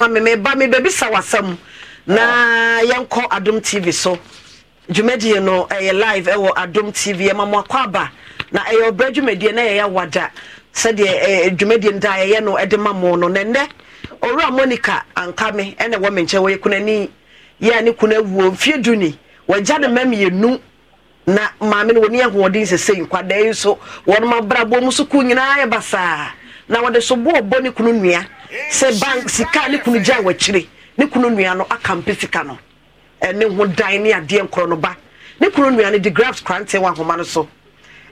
me meba me baby sawasam na yɛnkɔ adom tv so dwumadie no ɛyɛ live ɛwɔ adom tv ɛma mo akɔ aba na ɛyɛ ɔbrɛ dwumadie na ɛyɛ awada sɛdeɛ dwumadie no daa ɛyɛ no ɛde ma mo no nɛnɛ owura monica ankame ɛna ɛwɔ me nkyɛn wɔyɛ kunani yɛ ne kuna wuo mfie du wɔgya ne mɛm yɛ na maame no wɔn yɛ ahoɔden sɛsɛ nkwadaa yi nso wɔn abrabɔ so kuu nyinaa yɛ basaa na wɔde so boɔ bɔ ne kunu nua sɛ bank sika ne kunu gya wɔakyire ne kunu nua no aka mpe sika no ɛne ho dan ne adeɛ nkorɔ no ba ne kunu nua no de grabs kranteɛ wɔ ahoma no so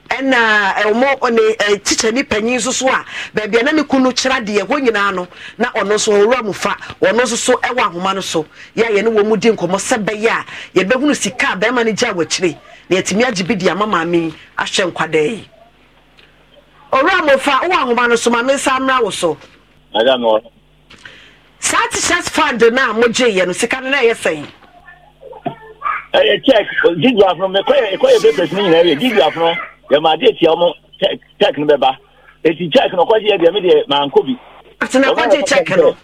ɛna ɛwɔmɔ ne ɛkyikyɛ ne panyin nso so a beebi a na ne kunu kyerɛ adeɛ hɔ nyinaa no na ɔno nso ɔwura mu fa ɔno nso so ɛwɔ ahoma no so yɛ a yɛne wɔn mu di nkɔmɔ sɛ bɛyɛ a yɛbɛhunu sika a bɛrima no gya wɔakyire na yɛtumi agye bi di ama maame yi ahyɛ nkwadaa yi owura mu fa wɔ ahoma no so maame nsa amra wɔ so. saa teachers fund no a mogye yɛ no sika no na ɛyɛ sɛn ɛyɛ check gigi afono mekɔyɛ papers no nyinaa yɛ gigi afono yɛmaade atia ɔmo check no bɛba ɛti check no kɔgye yɛ deɛ medeɛ mankɔ bi atena kɔgye check no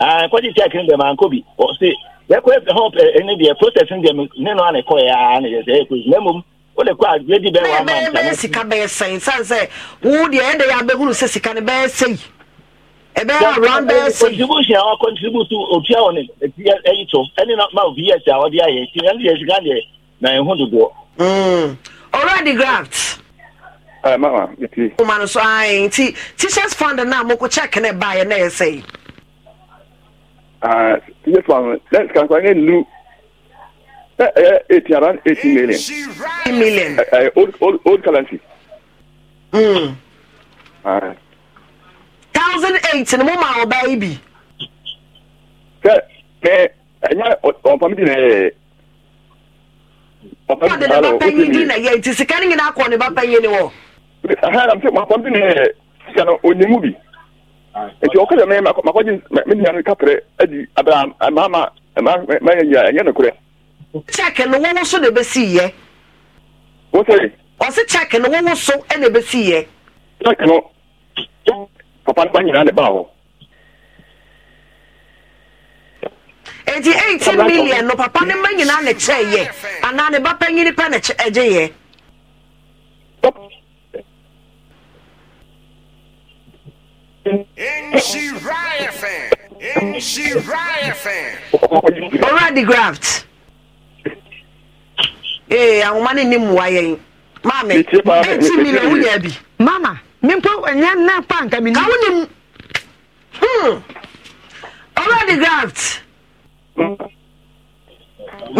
ah, kɔgye check no deɛ mankɔ bi ɔse yɛkɔ ho ɛne deɛ process no deɛ ne no ana ɛkɔɛ a na yɛ sɛ ɛyɛ kɔsi na mmom wọ́n lè kọ́ àgbẹ̀dì bẹ́ẹ̀ wà á máa ń tẹ̀lé. bẹ́ẹ̀ bẹ́ẹ̀ sika bẹ́ẹ̀ sẹ́yìn sáà sẹ́ wọ́n deɛ ɛyɛ de yà abẹ́hùn sẹ́ sika ni bẹ́ẹ̀ sẹ́yìn ebe around there say. contribution àwọn contribute otu àwọn ní etí ẹyí tó ẹni náà máa bí ẹsẹ àwọn di àyè etí ẹni yẹn ṣùgbọ́n àdìẹ na ẹ̀hún dodo. already graft. ẹ mama etí. mo máa ń sọ ayé nti teachers fund náà mo kò check ní báyìí náà ẹ sẹ́yìn. teachers fund kankan ní ìlú ẹ eighty around eighty million. eighty million. old old old currency. Mm. Uh, thousand eight ni mo ma ọba yi bi. sẹ ẹ ẹ nya ọ̀npọ̀ mi di na ẹ. ọ̀pọ̀ mi di na bàbá yín di na yẹ nti sika ni nyinaa kọ ni bàbá yín ni wọ. ahara mi sẹ ọ̀pọ̀ mi di na ẹ sika na onimu bi nti ọkọ yẹn mẹ makọ gye mi di na mi kapẹrẹ ẹdi abira maama maa yẹ yẹ ẹnyẹ nukurẹ. check ni wọ́n so na ebe si yẹ. wọ́n sẹ́yìn. ọ̀sẹ̀ check ni wọ́n so na ebe si yẹ. check no papa no ba nyinaa ne baa hɔ eti eighteen million no papa ne mma nyinaa ne kyerɛ yɛ anaa ne ba panyin pɛ ne gye yɛ. ɔwurade graft ee ahoma ne ne mmoa yɛn maame eighteen million wonya bi mama. mimpo ɛnyɛ nan pa nka mi ni. kawo ni mu hmm overdraft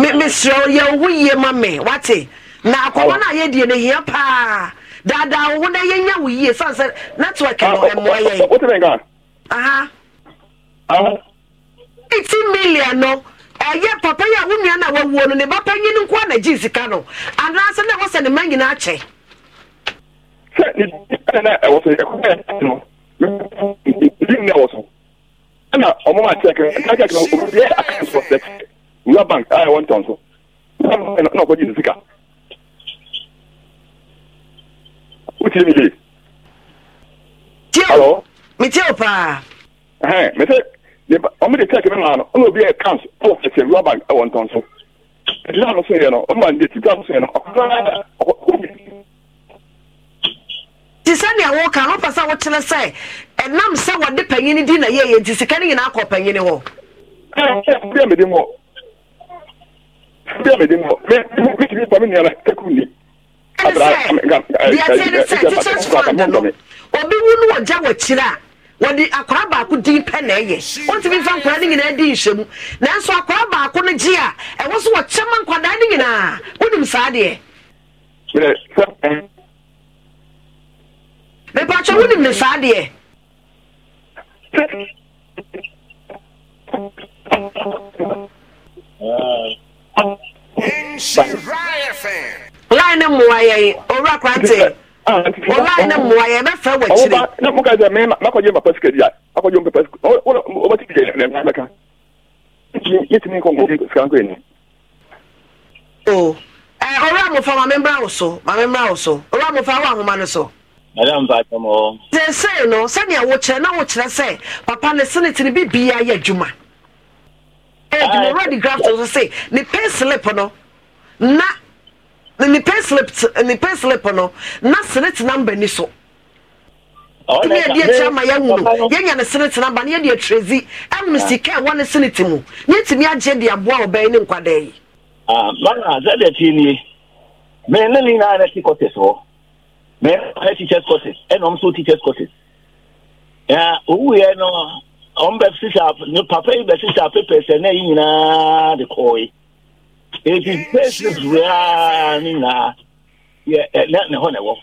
mi mi srɛ yɛ owu yie ma me wate na akɔwa na yɛ die ne hia paa daadaa owu na yɛ nya wo yie sanse network no ɛmoa yɛ. o ti bɛn kan. aha. awo. Ah. eighty million no ɛyɛ papa yi a wo nua na wawuo no ne ba panyin nko a na gye sika no anaasɛ na wɔsɛ ne ma nyinaa kyɛ. sɛ ne ɛna na ɛwɔ so ɛkɔ na ɛte no ebi na ɛwɔ so ɛna ɔmo ma kyerɛ kɛrɛ ɛna kyerɛ kɛrɛ ɔmo a ɛwɔ ntɔn so ɛna ɔkɔ gye ne sika wotie mi yie. tiɛ mi tiɛ o paa. ɛhɛn mɛ sɛ ɔmo de kyerɛ kɛrɛ maa no ɔmo obi yɛ kans ɛwɔ kɛse wura bank ɛwɔ ntɔn so ɛdi naa no so yɛ no ɔmo ma ne de ti bi a no so nti sɛnea wɔka no wopɛ sɛ wokyerɛ sɛ ɛnam sɛ wɔde panyini di na yɛyɛ nti sika no nyinaa kɔ panyini hɔ bia mede mɔ bia mede mɔ metumi pa me nuana kaku ni obi wu no wɔgya wɔkyiri a wɔde akwara baako din pɛ na ɛyɛ wɔntumi nfa nkwara no nyinaa di nhyɛmu nanso akwara baako no gye a ɛwɔ so wɔkyɛma nkwadaa no nyinaa wonim saa deɛ mepakyɛ wonim ne saa deɛ line ne mmoa yɛn owura korante line ne mmoa yɛn bɛfrɛ wɔ akyire. na mo ka sɛ mɛ makɔjɛ mpa sika di a akɔjɛ mpa sika ɔwɔ ɔbɛ ti di yɛ nɛ nɛ kan yɛ ti mi kɔn kɔn sika nkɔ yɛ ni. o oh. ɛ owura mo fa maame mbra wo so maame mbra wo so owura mo fa wo ahoma no so. sɛ sɛ no sɛnea wokyerɛ na wokyerɛ sɛ papa ne senate no bibia yɛ adwuma adwuma graft so se ne slip no na ne slip ne slip no na so tumi adi akyerɛ ama yɛhu yɛnya ne senate number na yɛde atrɛzi ɛnom sika ɛwɔ ne mu agye de aboa ne nkwadaa yi ah, mana sɛdeɛ nie mene ne nyinaa bẹẹ ẹ teachers courses ẹna ọmọ sọ teachers courses ẹ owó yẹn no ọmọ bẹ sísá ní papa yìí bẹ sísá papers ẹ náà yìí nyinaa de kọ yìí eti faceless wia ni nyinaa yẹ ẹ nẹ ne hɔ na ɛwɔ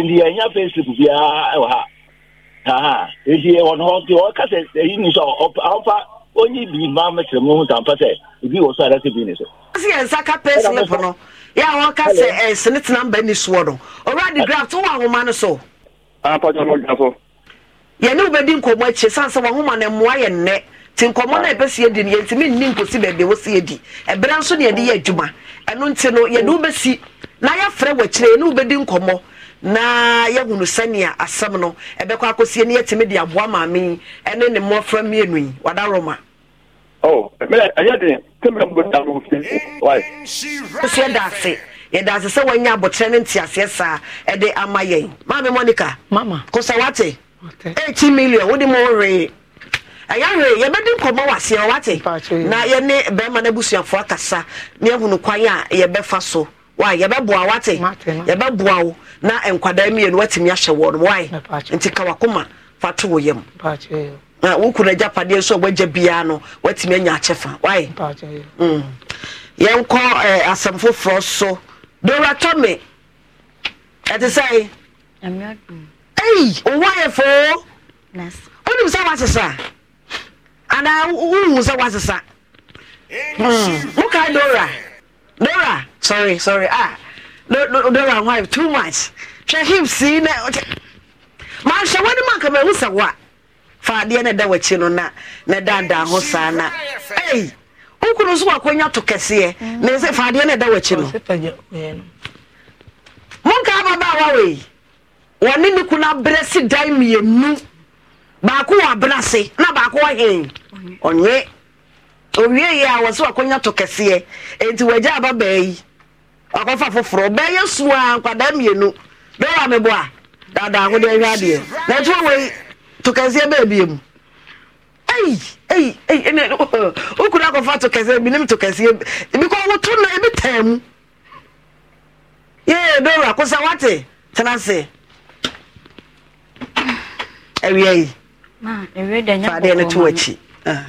nti yẹn nya faceless biara ɛwɔ ha ha eti ɛwɔ ne hɔ ti ɔkasa ɛyi ni sɔ ɔfa onye bi maa mi kyerɛ mu hu sampa sɛ ebi wɔ so adaka bi ni so. ɔsi yɛn nsa ka yà wọ́n ká sẹ ẹ sini tena mbẹ ni soɔ no owurɔ adi graft wọ́n ahoma no so. apɔtɔ ah, mo gba so. yɛne wo bɛdi nkɔmmɔ akyi san sɛ wahoma no mmoa yɛ nnɛ nti nkɔmmɔ no ah. ɛbɛsi adi no yɛntumi nni nkɔsi baabi wɔsi adi ɛberɛ nso na yɛde yɛ adwuma ɛno nti no yɛde wo mm. bɛsi na yɛafrɛ wɔkyerɛ yɛne wo di nkɔmmɔ na hunu sɛnea asɛm no ɛbɛkɔ akɔsie ne yɛtumi de aboa maame yi ɛne ne mmɔfra mmienu yi wadaroma. ɔ oh, ɛmɛ ɛyɛ den nso yɛda ase yɛda ase sɛ wanya abɔkyerɛ no nteaseɛ saa ɛde ama yɛn monica kosa wate eighty million wode mo ree ɛyɛ ree yɛbɛdi nkɔmmɔ wɔ aseɛ wate na yɛne bɛrima no abusuafoɔ akasa ne ahunu kwan a yɛbɛfa so wa yɛbɛboa wate yɛbɛboa wo na nkwadaa mmienu watumi ahyɛ wɔ no nti kawakoma fa to na woku na agyapadeɛ nso a wagya biara no watumi anya akyɛfa wae mm. yɛnkɔ eh, asɛm foforɔ so dora tɔme ɛte sɛ ei wowayɛfoo wonim sɛ woasesa anaa wohu sɛ woasesa hmm. wokae dora dora sorry sorry ah dora why too much hwɛ him sii na manhwɛ w'anim anka mahu sɛ wo a fa adeɛ na ɛda w'akyi no na na daadaa ho saa na ei nkunu nso wakɔnya to kɛseɛ na ɛsɛ fa adeɛ na ɛda w'akyi no monka ababaawa wei wɔne ne kunu abrɛ si dan mmienu baako wɔ abena ase na baako wɔ hen ɔnye owie yi a wɔsɛ wakɔnya to kɛseɛ eti wɔagya aba bɛɛ yi wakɔfa foforɔ bɛɛ yɛ sua nkwadaa mmienu bɛɛ wɔ ameboa daadaa ahodeɛ hwɛ adeɛ na ɛtoɔ wei. tokɛseɛ bɛɛ bie mu wokuru akɔfa tokɛseɛ binim tokɛseɛ because woto no ebi taa mu yɛyɛ dɔwura kosa wate tena ase awia yi faadeɛ no to wakyi ah.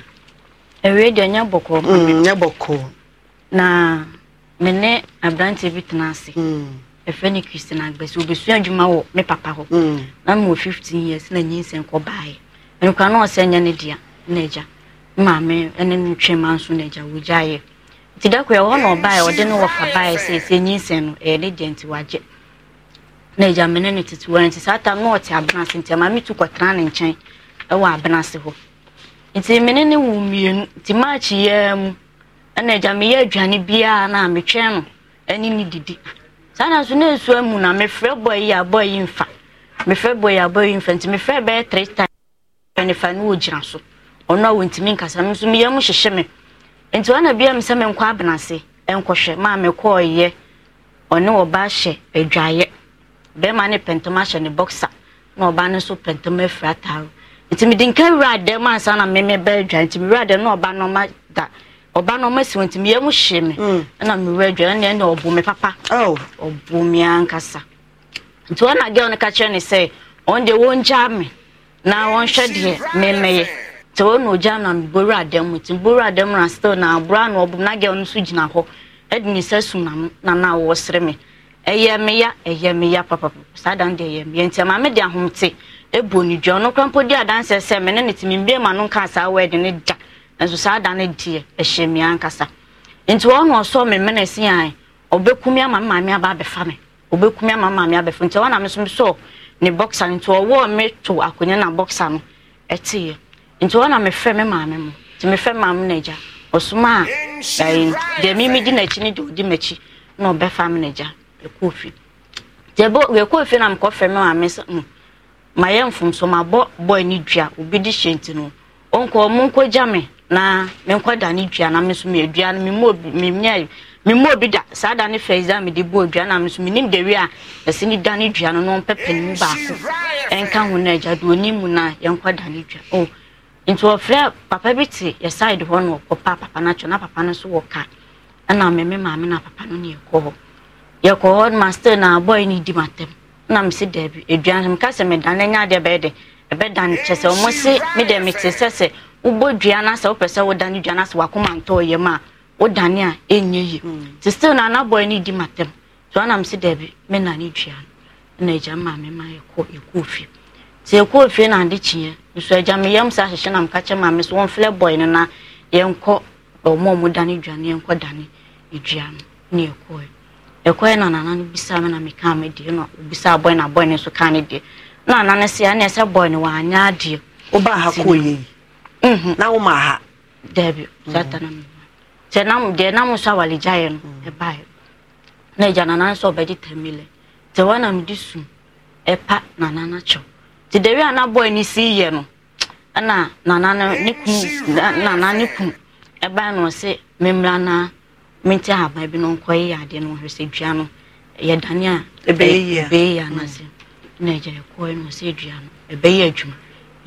nyɛ bɔkɔɔ mm, na mene aberante bi tena ase mm. ɛfɛ ne christian agbɛsi obesua adwuma wɔ me papa hɔ mm. na mewɔ 15 years na nyi nsɛn kɔbaeɛ ɛnokora na ɔsɛ nyɛ ne dea na agya maame ne no twɛma nso na agya wɔgyaeɛ nti da koɛ hɔ na ɔbaeɛ ɔde ne wɔfa baeɛ sɛ ɛsɛ nyi nsɛn no ɛyɛ ne deɛ nti wagye na agya mene ne tetewa nti saa ta na ɔte nti maame tu kɔtena ne nkyɛn ɛwɔ abenase hɔ nti mene ne wo mmienu nti maakyi mu ɛna agya meyɛ aduane biara na metwɛn no ɛne ne didi saa na nso ne nsuo mu na mefrɛ bɔyi yi abɔ yi mfa mefrɛ bɔyi yi abɔ yi mfa nti mefrɛ bɛyɛ three times nifa ne wɔgyina so ɔno a wɔntumi nkasa me nso meyɛ mu hyehyɛ me nti ɔna bia me sɛ menkɔ abena ase nkɔhwɛ maa mekɔɔyɛ ɔne ɔba hyɛ adwaeɛ bɛrima ne pɛntɛm ahyɛ ne bɔksa na ɔba no nso pɛntɛm afiri ataaro nti mede nka wura dɛm ansa na meme bɛɛ adwa nti mewura dɛm na ɔba no ɔma da ọba na ọma si wọn nti mmea adwa papa oh. ankasa nti na girl no ka na wɔn hwɛ deɛ mmɛmɛyɛ nti wɔn na ogya na mbori adan nti mbori na still na abura na na no nso gyina hɔ ɛde ne nsa sum na na na ɛyɛ ɛyɛ ya papa saa dan ɛyɛ ya nti maame de ahomte ebu ɔno mpo di adansi ɛsɛ ne ne ti mi mbie ma no nka saa ne da. nso saa da ne deɛ ɛhyɛ mmea ankasa nti ɔno ɔsɔ me mene si an ɔbɛkumi ama maame aba abɛfa me ɔbɛkumi ama maame abɛfa nti ɔna me nso sɔ ne bɔksa nti ɔwɔ me to akonnwa na bɔksa no ɛteɛ nti ɔna me fɛ me maame mu nti me fɛ maame na agya ɔsoma a ɛyɛ deɛ mimi di n'akyi ne deɛ ɔdi m'akyi na ɔbɛfa me na agya ɛkɔɔ fi deɛ bo ɛkɔɔ fi na mekɔ fɛ me maame sɛ mm mayɛ mfomso mabɔ bɔɔ ani dua obi di hyɛ nti no ɔnkɔ ɔmo nkɔgya me na menkɔ da dua na me meadua no memmɔ memmɔ obi da saa da ne fɛ dza mede bɔ odua na me menim dawi a ɛsɛ ne da ne dua no na ɔmpɛpɛ ne baako ɛnka ho no agya deɛ ɔnim mu na yɛnkɔ da ne dua o oh, nti wɔfrɛ papa bi te yɛ side hɔ no ɔkɔpa papa no atwɛ na papa no nso wɔ ka ɛna meme maame na papa no ne yɛkɔ hɔ yɛkɔ hɔ ma na boy ne di matɛm na mese daabi adua no meka sɛ meda no anya bɛyɛ dɛ ɛbɛda kyɛ sɛ ɔmo se me mete sɛ sɛ wobɔ dua no sɛ wopɛ sɛ wodane dua no sɛ wakoma a wodane a ɛnyɛ yie hmm. nti still no no di matam se daabi ne dua no na agya ma me ma yɛkɔ yɛkɔɔ fie nti yɛkɔɔ fie ade kyeɛ nso agya sɛ ahyehyɛ kyɛ ma me so bɔe no na yɛnkɔ ɔmɔ dua no yɛnkɔ dua no ne yɛkɔɔ ɛkɔɛ na nana no bisaa me na mekaa me deɛ na obisaa na bɔe no nso kaa ne deɛ na nana no se a ne ɛsɛ bɔe no Mhm. na wo ma ha dabi na sɛ nam deɛ nam awalegyaeɛ no ɛbaeɛ na agya nana sɛ ɔbɛgye tamilɛ nti na sum ɛpa nana no kyɛw nti dawi a si yɛ no ɛna nana no ne nana ne kunu ɛbae na mente ahaban bi no nkɔyɛ yɛ adeɛ no wɔhwɛ sɛ dua no yɛ dane a ɛbɛyɛ anase na agya no ɔsɛ dua no ɛbɛyɛ adwuma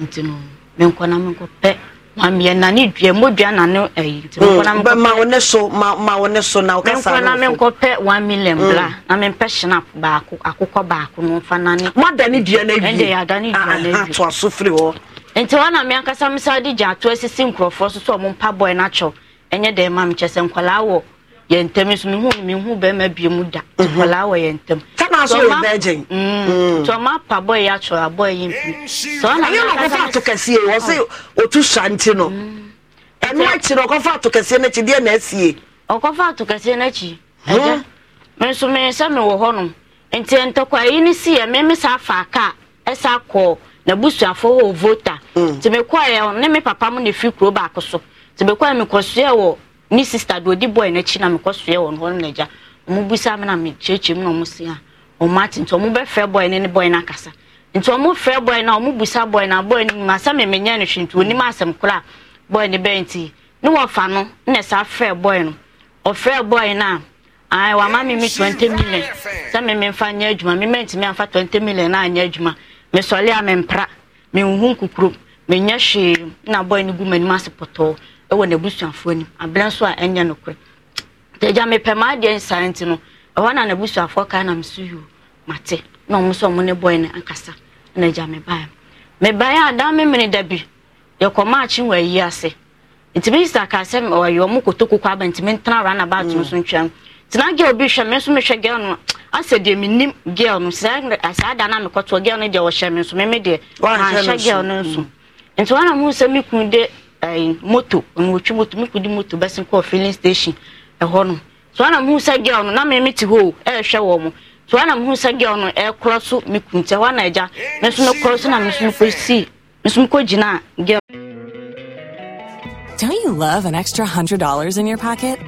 nti no menkɔ na menkɔpɛ mameɛ na ne dua modua na ne ayi nti menkɔ na menkɔpɛ ma wo ne so ma ma wo ne so na wo kasa menkɔ mm. na menkɔpɛ one million bla na mempɛ hyena baako akokɔ baako no fa na ne mo ada ah, ne dua na wie ɛnde ada dua na wie ato aso firi hɔ nti hɔ na me ankasa me sa de gya ato asisi nkurɔfoɔ so sɛ ɔmo mpa bɔe na kyɛw ɛnyɛ dɛn ma mekyɛ sɛ nkɔlaa wɔ yɛ ntɛm nso mihu mihu bɛrima bie mu da nkɔlaa mhm. wɔ yɛ ntɛm. sanni aso yɛ virgin. tɔma pa bɔyɛ atwere abɔyɛ yi mpi. ɛyɛ na ɔkɔfa ato kɛseɛ wɔ sɛ otu santi no mm. ɛnu akyi na ɔkɔfa ato kɛseɛ n'akyi deɛ na ɛsie. ɔkɔfa ato kɛseɛ n'akyi ɛgya mi nso mi nsa mi wɔ hɔnom nti ntɔkwa yi ni si yɛ mi sa afa kaa ɛsa kɔɔ na busuafo vota. Mm. nti mi kɔɔ yɛ ne mi papa mu na efi kuro baako so nti mi kɔɔ yɛ mi kɔ so yɛ wɔ me sister do odi boy n'akyi na mekɔ soɛ wɔ hɔ no n'agya ɔmo busa mi na mekyerɛkyerɛ mu na ɔmo se a ɔmo ate nti ɔmo bɛfrɛ boy ne ne boy no akasa nti ɔmo frɛ boy no a ɔmo busa boy no a boy no mu asɛm ɛmɛnyɛ no hwɛ nti onim asɛm kora boy no bɛyɛ nti ne wɔfa no na saa frɛ boy no ɔfrɛ boy no ayi wa maa mi mi twenty million sɛ mi mi nfa nyɛ adwuma mi mɛnti mi anfa twenty million naa nyɛ adwuma mi sɔli a mi mpra mi nhu nkukuro mi nyɛ hwee na boy no gu m'anim ase pɔtɔɔ wɔ n'abusuafoɔ anim abena so a ɛnyɛ nokorɛ nti agya mepɛ maa deɛ nsaa nti no ɛhɔ na n'abusuafoɔ kae nam so yio mate na ɔmo sɛ ɔmo ne bɔɛ no ankasa na agya mebaeɛ mebaeɛ a daa memene da bi yɛkɔma akye wɔ ayi ase nti minista kaa sɛ ɔyɛ ɔmo kotoko kɔ aba nti mentena ra na baate no so mm. tena girl bi hwɛ me nso mehwɛ girl no asɛ deɛ menim girl no saa da na mekɔtoɔ girl no deɛ ɔhyɛ me nso meme deɛ anhyɛ girl no nso mm. nti wɔn na mo sɛ me kun de ɛɛ eh, moto nwotwi moto mi kudi moto bɛsi nkɔ filling station ɛhɔ nom so ana mu sɛ girl no na mi mi ti hɔ o ɛɛhwɛ wɔn so ana mu sɛ girl no ɛɛkorɔ so mi kun tɛ hɔ ana ɛgya mi nso mi korɔ so na mi nso mi kɔ si mi nso mi kɔ gyina girl. Don't you love an extra $100 in your pocket?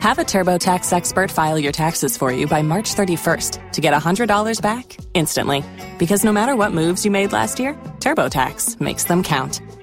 Have a TurboTax expert file your taxes for you by March 31st to get $100 back instantly. Because no matter what moves you made last year, TurboTax makes them count.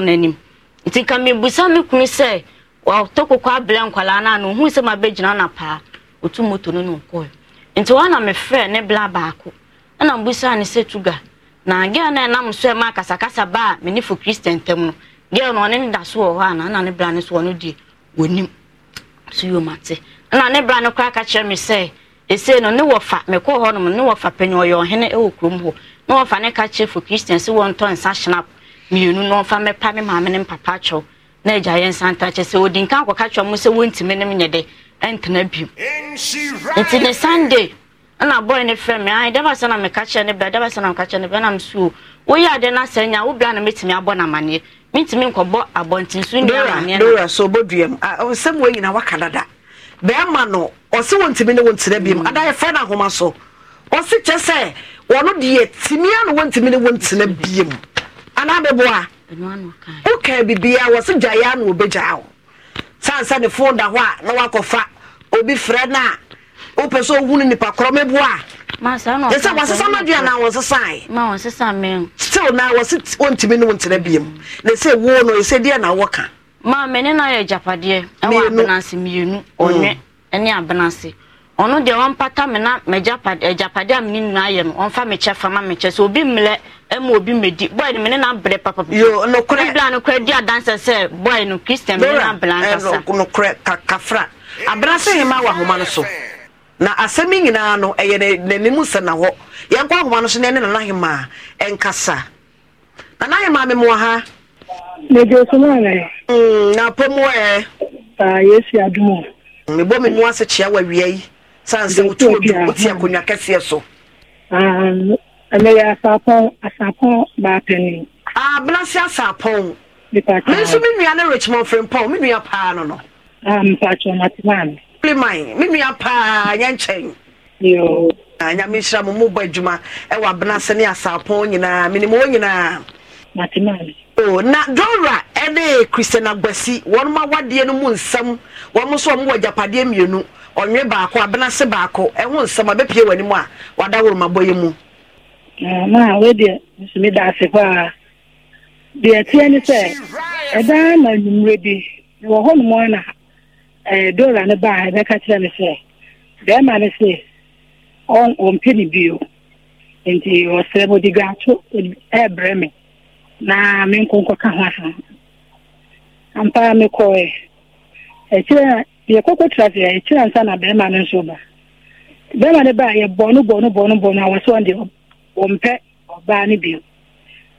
n'anim nti ka mebusa me kunu sɛ watɔ kɔkɔ abrɛ nkwalaa no a na ohuu sɛ mabɛgyina na paa ɔtu moto no ne ɔkɔɛ nti hɔ na mefrɛ ne bla baako ɛna mbusaa ne sɛ tuga na gɛl no ɛnam so ɛma akasakasa ba a me fo kristian ntam no gɛl no ɔne ne da so wɔ hɔ ana ɛna ne bra ne so ɔno deɛ wɔnim so yɛ ɛna ne bra no koraa ka kyerɛ me sɛ no ne wɔfa mekɔɔ hɔnom ne wɔfa panyin ɔyɛ ɔhene kurom hɔ ne wɔfa ne ka kyerɛ fo kristian sɛ wɔntɔ nsa mmienu no ɔmfa mɛpa me maame ne mpapa kyɛw na agya yɛ nsa ntakyɛ sɛ ɔdi nka akɔka kyerɛ mo sɛ wɔntumi ne mnyɛ dɛ ɛntena bio nti ne sunday ɛna bɔyɛ ne frɛ me ai dɛba sɛ na meka kyerɛ ne bra dɛba sɛ na meka kyerɛ ne bra nam so woyɛ ade no asɛ nya wo na mɛtumi abɔ no amanneɛ mentumi nkɔbɔ abɔnten so nnuamanneɛdora so bɔduam sɛm wɔ nyina waka dada bɛɛma no ɔse wɔntumi ne wɔntena biam mm. ada yɛfrɛ no ahoma so ɔse kyɛ sɛ wɔno deɛ tumi a no wɔntumi ne wɔntena biam mm -hmm anaa bɛ bɔ a woka bibia wɔ se gyaeɛ a na wɔbɛgyaa wo sane sɛ ne fo da hɔ a na woakɔfa obi frɛ no a wopɛ sɛ ɔhunu nipa korɔ ɛsɛ wɔsesa no adua na wɔsesae still na wɔntimi ne wo ntena biam na ɛsɛ wo no ɛsɛ deɛ na wɔka ma mene no ayɛ agyapadeɛ ɛwɔ abenase mmienu ɔnwe mm. ne abenase ɔno deɛ ɔmpata me na agyapade eh, a mene nyinaa yɛ no ɔmfa fama mekyɛ sɛ obi mmerɛ ma obi mmɛdi boy no mene nabrɛ papabla nokorɛ di adansɛ sɛ boy no christian mene nabrɛ eh, ankasanokorɛ kakafra sɛ wɔ ahoma no so na asɛm nyinaa no ɛyɛ n'anim sɛ na hɔ yɛnkɔ ahoma no so na ɛne na mm, apɔ sanse wotu obi wotu akonnwa kɛseɛ so. ɛnɛ um, yɛ asaapɔn asaapɔn baapɛni. abenase ah, asaapɔn. nipa kan mi nso mi nua ne richmond frimpɔn mi nua paa no no. Ah, mpatsɔ mati maa mi. pliman mi nua paa nyɛ nkyɛn. yoo. nyame nhyira mo mo bɔ adwuma ɛwɔ abenase ne asaapɔn nyinaa minimu wɔn nyinaa. mati maa mi. na dora ne christian agbasi wɔn mu awadeɛ no mu nsɛm wɔn nso wɔn wɔ japadeɛ mmienu ɔnwe baako abenase baako ɛho nsɛm abɛpie wɔn anim a wada wɔrɔma bɔ yi mu. maa wedeɛ nsumi da ase paa deɛ teɛ ne sɛ ɛdan na nnumre bi wɔ hɔ nom na ɛɛ dora ne baa ɛbɛka kyerɛ ne sɛ bɛrima ne sɛ ɔn ɔmpe ne bio nti ɔsrɛ mo di gato ɛɛbrɛ me. na me nkonko ka ho afa ampa me kɔɛ ɛkyerɛ yɛ kɔkɔ trafia ɛkyerɛ nsa na bɛrima no nso ba bɛrima no baa yɛ bɔno bɔno bɔno bɔno a wɔsɛ ɔn deɛ ɔmpɛ ɔbaa no bio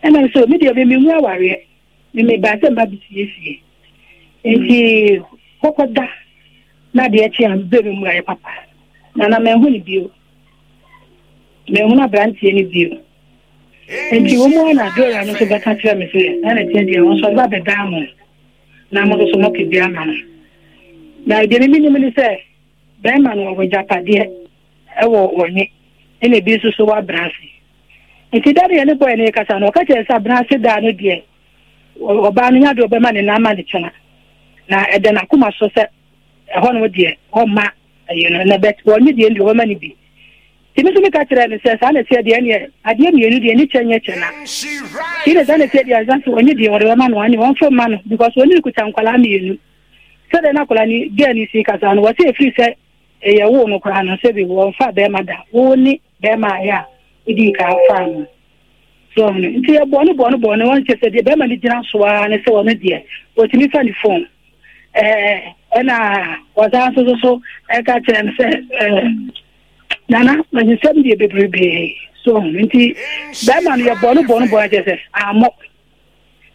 ɛnam e sɛ me deɛ memu awareɛ meme baa baasa mba bi siesie nti e kɔkɔ da na deɛ kye a mbɛ me mu ayɛ papa na na manhu no bio manhu no aberanteɛ no bio nti wɔn mu na adoro ano nso bɛka kyerɛ me sɛ ɛna kyɛn deɛ wɔn nso ɔde ba bɛda mo na mo nso mo kɛbi ama no na deɛ ne minim ne sɛ bɛrima no wɔwɔ gyapadeɛ ɛwɔ wɔnye ɛna ebi nso so wɔ abrase nti da deɛ ne bɔyɛ ne kasa no ɔka kyerɛ sɛ abrase daa no deɛ ɔbaa no nyadeɛ ɔbɛma ne nan ma ne kyɛn na ɛdɛ n'akoma so sɛ ɛhɔ nom deɛ ɔma ɛyɛ no na bɛt wɔnye deɛ deɛ ɔbɛma ne bi tìmí sún mi ká kyerɛ ne sɛ saa na ɛsɛ deɛ neɛ adeɛ mmienu deɛ ne kyɛ nyɛ kyɛ na ti ne saa na ɛsɛ deɛ ansa so ɔnye deɛ wɔde bɛma no ɔne wɔmfa mma no because ɔne eh, ne kuta nkwalaa mmienu sɛdeɛ na akwadaa ni gɛɛ ne sii kasa no wɔsɛ ɛfiri sɛ ɛyɛ wo no koraa no sɛbi wɔmfa bɛrima da wo ne bɛrima ayɛ a wodi ka afa no so no nti yɛ bɔne bɔne bɔne wɔnkyɛ sɛ deɛ bɛrima no gyina so a ne sɛ ɔno deɛ wɔtumi fa ne fon ɛɛ ɛna wɔsan so ɛka kyerɛ no sɛ ɛɛ nana manyesɛm deɛ bebrebee so nti bɛrima no yɛbɔ no bɔ no kyɛ sɛ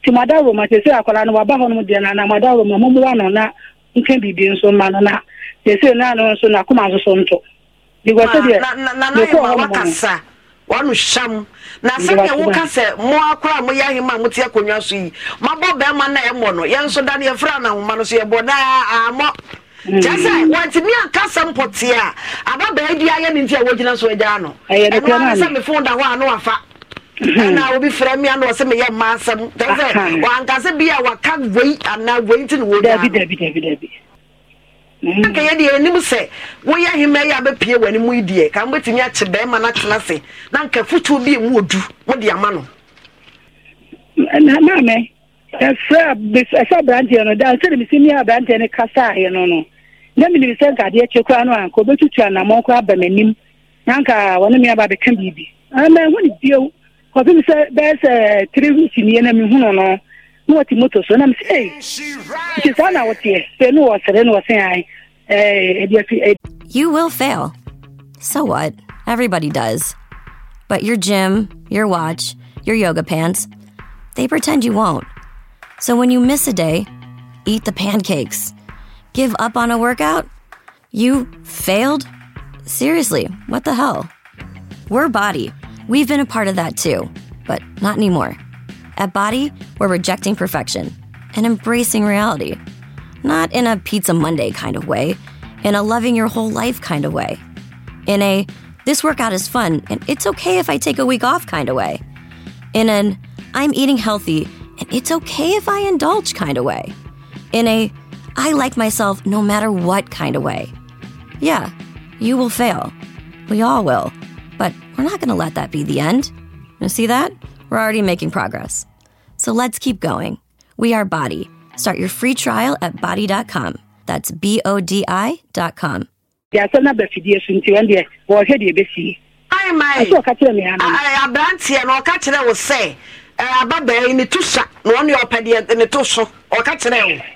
nti mada kyɛ sɛ no waba hɔ nom deɛ nana mada no na nka biribi nso ma no na kyɛ sɛ na no nso nso so nto because sɛdeɛ mekɔɔ hɔ nomno wano hyam na sɛdeɛ woka sɛ mo akora moyɛ ahema a mote akonnwa so yi mabɔ bɛrima na ɛmmɔ no yɛn nso da no so daa kyɛsɛ mm. wɔntumi ankasa mpɔteɛ a ababaa dua yɛ ne nti a wɔgyina so agya no ɛnoa sɛ mefo da hɔ a afa mm-hmm. ɛna obi frɛ me ana ɔsɛ meyɛ mma asɛm kyɛ sɛ bi a waka wei anaa wei nti ne wɔgyaa akɛyɛ mm. mm. deɛ anim sɛ woyɛ hema yi deɛ ka akye bɛrima no atena se na nka fotuo bi ɔdu ama no maame ɛsɛ aberanteɛ no da sɛde mi aberanteɛ no kasaeɛ no no na mmiri a na nka aba ama tiri wiki na hu no moto so na ee saa na You will fail. So what? Everybody does. But your gym, your watch, your yoga pants, they pretend you won't. So when you miss a day, eat the pancakes give up on a workout? You failed? Seriously, what the hell? We're Body. We've been a part of that too, but not anymore. At Body, we're rejecting perfection and embracing reality. Not in a Pizza Monday kind of way, in a loving your whole life kind of way, in a this workout is fun and it's okay if I take a week off kind of way, in an I'm eating healthy and it's okay if I indulge kind of way, in a I like myself no matter what kind of way. Yeah, you will fail. We all will. But we're not going to let that be the end. You see that? We're already making progress. So let's keep going. We are Body. Start your free trial at body.com. That's B O D I.com. I am I. I na ɔka kyerɛ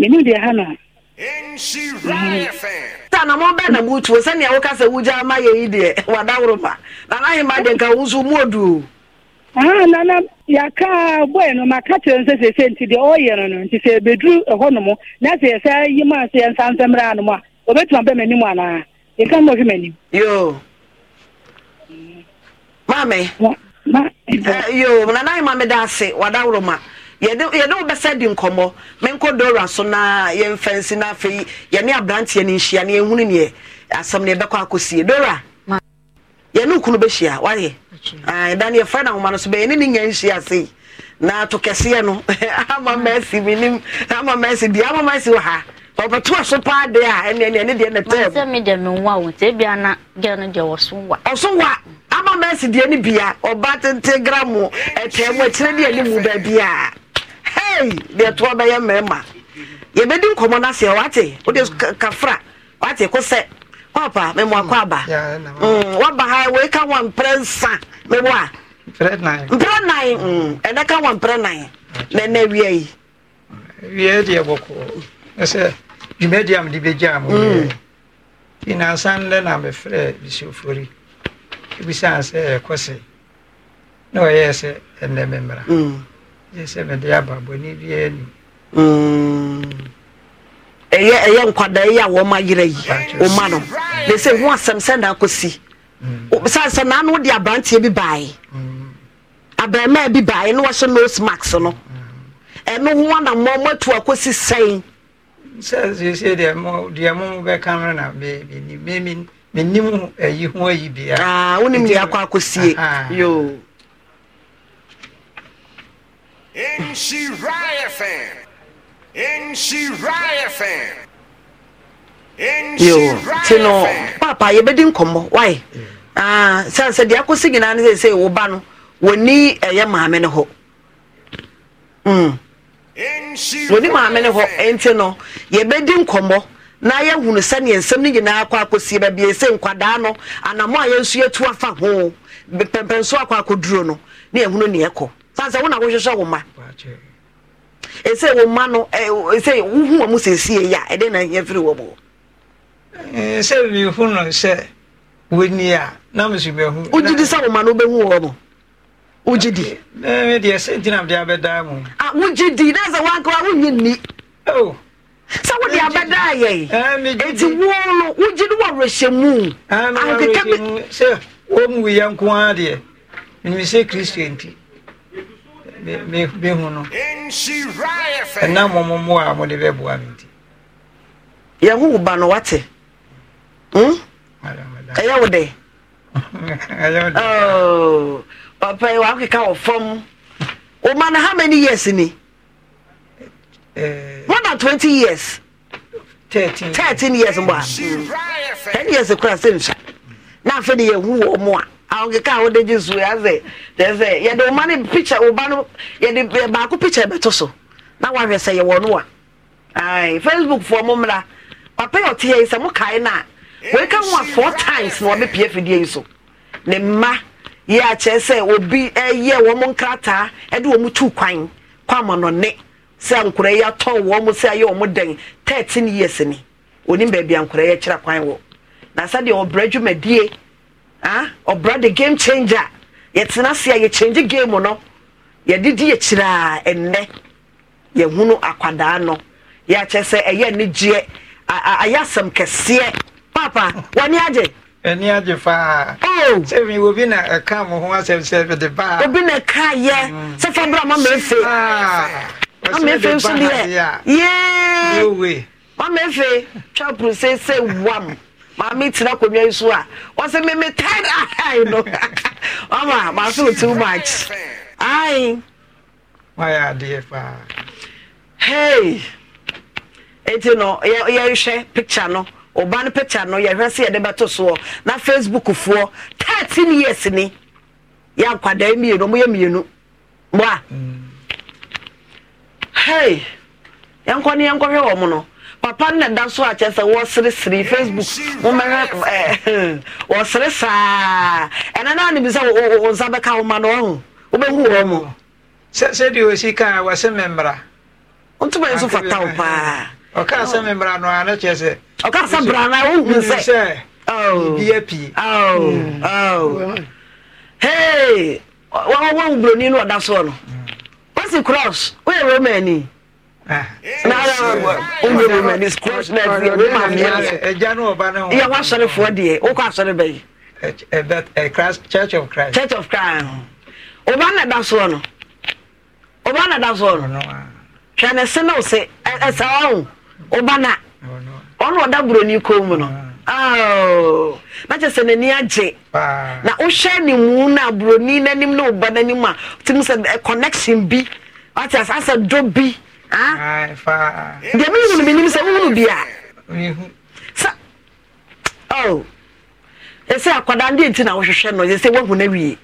menim deɛ ha na ta na mobɛ na motuo sɛnea woka sɛ wogya ma yɛ yi deɛ wadaworo ma nanahema deɛ nka wo so muɔduu ah, nana yɛka bɔɛ no maka kyerɛ no sɛ sɛsɛ nti deɛ ɔyɛ no no nti sɛ bɛduru ɛhɔ no mu na sɛ yɛsɛ yi ma sɛ yɛnsa nsɛmmrɛ a no mu a ɔbɛtuma bɛ m'anim anaa yɛka mmɔhwe m'anim yo maame eh, yo nanahema meda ase wadaworo ma yɛde wo bɛsɛ di nkɔmmɔ menkɔ dora so na yɛmfa nsi na afei yɛne aberanteɛ no nhyia na yɛhunu neɛ asɛm ne yɛbɛkɔ akɔsie dora yɛne wokunu bɛhyia wayɛ ah, ɛda ne yɛfrɛ na nwoma no so bɛyɛne ne nya nhyia sei na to kɛseɛ no ama mɛsi menim ama mɛsi deɛ ama mɛsi wɔ ha ɔbɛto so paa deɛ a ɛne ɛne ɛne deɛ ne tɛm sɛ ama mɛsi deɛ ne bia ɔba tente gram ɛtɛm akyirɛ deɛ ne mu baabia hey deɛ toɔ bɛyɛ mmarima yɛbɛdi nkɔmmɔ no aseɛ wate wode kafra wate ko sɛ papa memo akɔ aba mm, woaba ha wei ka wa mprɛ nsa mebo a mprɛ nan ɛnɛ ka wa mprɛ nan mm, na ɛnɛ awia yi wie deɛ bɔkɔɔ sɛ dwumadi a mede bɛgyaa mo mm. nansan na mefrɛ bisiofori ebisaa sɛ ɛkɔ se na ɔyɛɛ sɛ ɛnɛ me sɛ mede ɛyɛ ɛyɛ nkwada ɛyɛ a wɔma yerɛ yi wɔma no na sɛ eh, ho asɛm sɛ na akɔsi ah, sane sɛ naa no wode aberanteɛ bi baeɛ bi baeɛ na wɔhyɛ nose max no ɛno ho anammɔ mo atu akɔsi sɛn wonim deɛ akɔ akɔsie In Shiraya fan. In Shiraya fan. yo nti no papa yɛbɛdi nkɔmmɔ wae sɛ sɛ deɛ akɔsi nyinaa no sɛ sɛ wo ba no wɔni ɛyɛ eh, maame no hɔ mm wɔni maame no hɔ eh, nti no di nkɔmɔ na yɛhunu sɛneɛ nsɛm no nyinaa akɔ akɔsie baabi ɛsɛ nkwadaa no anamɔ a yɛnso yɛtu afa ho pɛmpɛnso akɔ akɔ duro no na yɛhunu neɛ kɔ sansa wo eh, na wohwehwɛ wo ma ɛsɛ wo ma no ɛsɛ wohu wɔ mu sɛsie yɛ a ɛdɛn na hia firi wɔ bɔ sɛ mehu no sɛ wɔni a na meso bɛhu wogye di sɛ wo ma no wobɛhu wɔ no wogye di deɛ sɛ nti na mede abɛdaa mu wogye eh, di na sɛ woankora wonye nni sɛ wode abɛdaa yɛi ɛnti wo no wogye no wɔwerɛhyɛ mu ankeka sɛ wɔmuwiyɛ nko ara deɛ menim sɛ kristo nti mehu no ɛna mmɔmɔ mu a mode bɛboa me nti yɛwo wo ba no wate ɛyɛ hmm? wo dɛ ɔpɛ wakeka wɔ fam woma no how many years ni eh, more than twenty years Thirteen years mbɔ a 10 years kora sɛ nhyɛ na afei de yɛhu wɔ mu a ahokeka a wode gye so ya sɛ kyerɛ sɛ yɛde ɔma no pikya woba no yɛde baako pikya bɛto so na wahwɛ sɛ yɛwɔ no a ae facebook foɔ mo mmra papa yɛ ɔteɛ yi sɛ mokae no a wɔika ho a four times na wɔbɛpie afidie yi so ne mma yɛ akyerɛ sɛ obi ɛyɛ wɔn nkrataa ɛde wɔn tu kwan kwama nɔne sɛ nkora yi atɔ wɔn sɛ ɛyɛ wɔn den thirteen years ni onim baabi a nkora yi akyerɛ kwan wɔ na sɛdeɛ ɔbrɛ dwumadie ɔbrɛ the game changer yɛtena se a yɛkyɛngye game no yɛde di yɛkyiraa ɛnnɛ yɛhunu akwadaa no yɛakyɛ sɛ ɛyɛ anigyeɛ ayɛ asɛm kɛseɛ papa wɔne agye ɛni agye faa. Oh! sɛbi obi na ɛka mo ho asɛm sɛ de baa. obi na ɛka yɛ mm. sɛ fabra ma ma efe. ama efe nso deɛ yeee ama efe twapuru sese wam. maame tena akonnwa yi so a wɔsɛ mmemme tired eye no ɔma maase wo too much ai wayɛ adeɛ paa hey eti no yɛhwɛ picture no ɔba no picture no yɛhwɛ sɛ yɛde bɛto soɔ na facebook foɔ 13 years ni yɛ nkwadaa mmienu ɔmo yɛ mmienu mboa mm. hey yɛnkɔ ne yɛnkɔhwɛ wɔn no papa na da so akyɛ sɛ wɔseresere facebook womɛhwɛ ɛɛ wɔsere saa ɛna naa ne bi sɛ wo nsa bɛka wo ma no ɔho wobɛhu wɔ mo. sɛ sɛdeɛ osi kan wɔse memmra. ntoma nso fata wo paa. ɔka sɛ memmra no a ne kyerɛ sɛ. ɔka sɛ bra na wohu sɛ. biribiya pii. hei wɔn wɔn buroni no ɔda soɔ no wɔsi cross wɔyɛ romani. yɛwɔ asɔrefoɔ deɛ wokɔ asɔre bɛyi church of christ ɔba na da soɔ no ɔba na da soɔ no hwɛ ne se no se ɛsɛ wo ɔba na ɔno ɔda buroni kɔn mu no na kyɛ sɛ n'ani agye na wohyɛ ne mu no a na n'anim na ɔba n'anim a tumi sɛ connection bi wate asɛ dɔ bi deɛ ah? mehunu menim sɛ wohunu bi a sɛ oh. ɛsɛ akwadaa no deɛ nti na wohwehwɛ no yɛ sɛ woahu no awie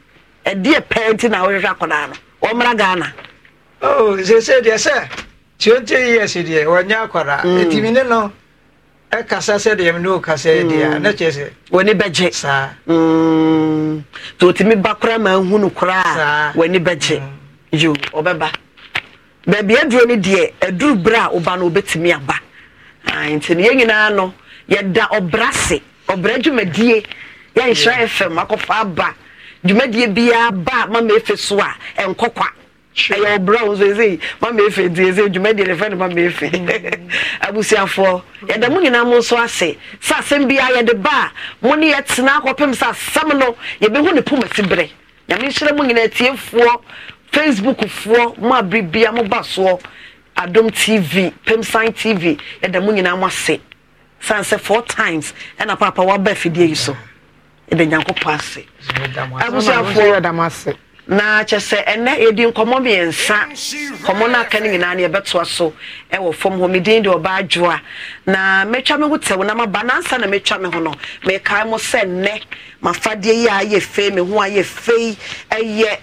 ɛdeɛ pɛɛ nti na wohwehwɛ akwadaa no ɔmmra ghana sɛsɛ oh, deɛ sɛ tionte years deɛ wɔnyɛ akwadaa ɛtimi mm. ne no ɛkasa sɛ mene ɔkasa deɛ mm. na kyerɛ sɛ wɔne bɛgye saa mm. nti ɔtumi ba koraa ma ahu no koraa wɔne bɛgye yo ɔbɛba baabi aduro no deɛ aduru berɛ a woba no wobɛtumi aba nti no yɛn nyinaa no yɛda ɔbra se ɔbra dwumadie yɛnhyerɛ fm akɔfa aba dwumadie biara ba ma ma efe so a ɛnkɔ kwa ɛyɛ ɔbra wo nso ɛsɛ ma ma efe nti ɛsɛ dwumadie ne fɛ no ma ma efe mm. abusuafoɔ yɛda mo nyinaa mo nso ase sɛ asɛm biara yɛde ba a mo ne yɛtena akɔpem sɛ asɛm no yɛbɛhu ne pomasi berɛ nyame nhyerɛ mo nyinaa tiefoɔ facebook foɔ mo abiribia mo ba soɔ adom tv pemsan tv ɛda mo nyinaa mo ase san sɛ four times ɛna papa waba afidie yi so ɛda nyankopɔn ase abusuafoɔ na kyɛ sɛ ɛnɛ yɛdi nkɔmmɔ mmiɛnsa kɔmmɔ no aka no nyinaa ne yɛbɛtoa so ɛwɔ fam hɔ medin de ɔbaa adwoa na mɛtwa me ho tɛw na maba nansa na mɛtwa me ho no mekae mo sɛ nnɛ mafadeɛ yi a ayɛ fei me ho ayɛ fei ɛyɛ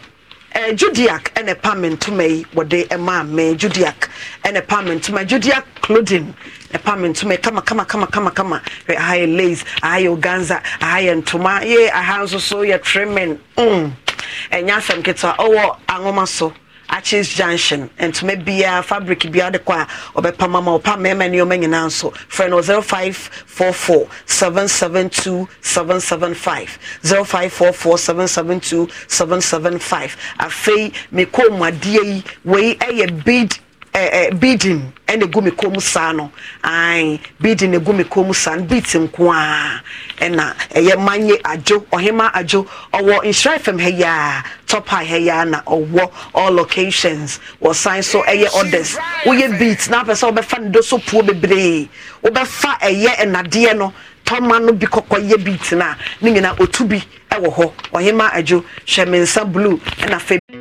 eh, judiac ɛna eh, ɛpa me ntoma yi wɔde ɛmaa me judiac ɛna eh, ɛpa me ntoma judiak clothing ɛpa me ntoma kama kama kama kama kama hwɛ aha yɛ lace aha yɛ oganza aha yɛ ntoma yɛ aha nso so yɛ trimming mm ɛnyɛ eh, asɛm ketewa ɔwɔ oh, anwoma so achis junction ntoma biara uh, fabric biara de kɔ a ɔbɛpa mama ɔpa mmarima nneɛma nyinaa nso frɛ no 0544 772 775 0544 772 775 afei mekɔɔ mu adeɛ yi wei yɛ bid ɛɛ eh, eh, beading ɛna eh, egu mi kɔn mu saa no ayi beading egu mi kɔn mu saa no beat nkoa ɛna ɛyɛ manye adwo ɔhema adwo ɔwɔ nhyira fam ha yi a top high ha yi a na ɔwɔ all locations wɔsan so ɛyɛ orders woyɛ beat na apɛ sɛ wɔbɛfa ne do so puo bebree wɔbɛfa ɛyɛ ɛnadeɛ no tɔma no bi kɔkɔ yɛ beat na ne nyinaa otu bi ɛwɔ hɔ ɔhema adwo hyɛ me nsa blue ɛna fɛ.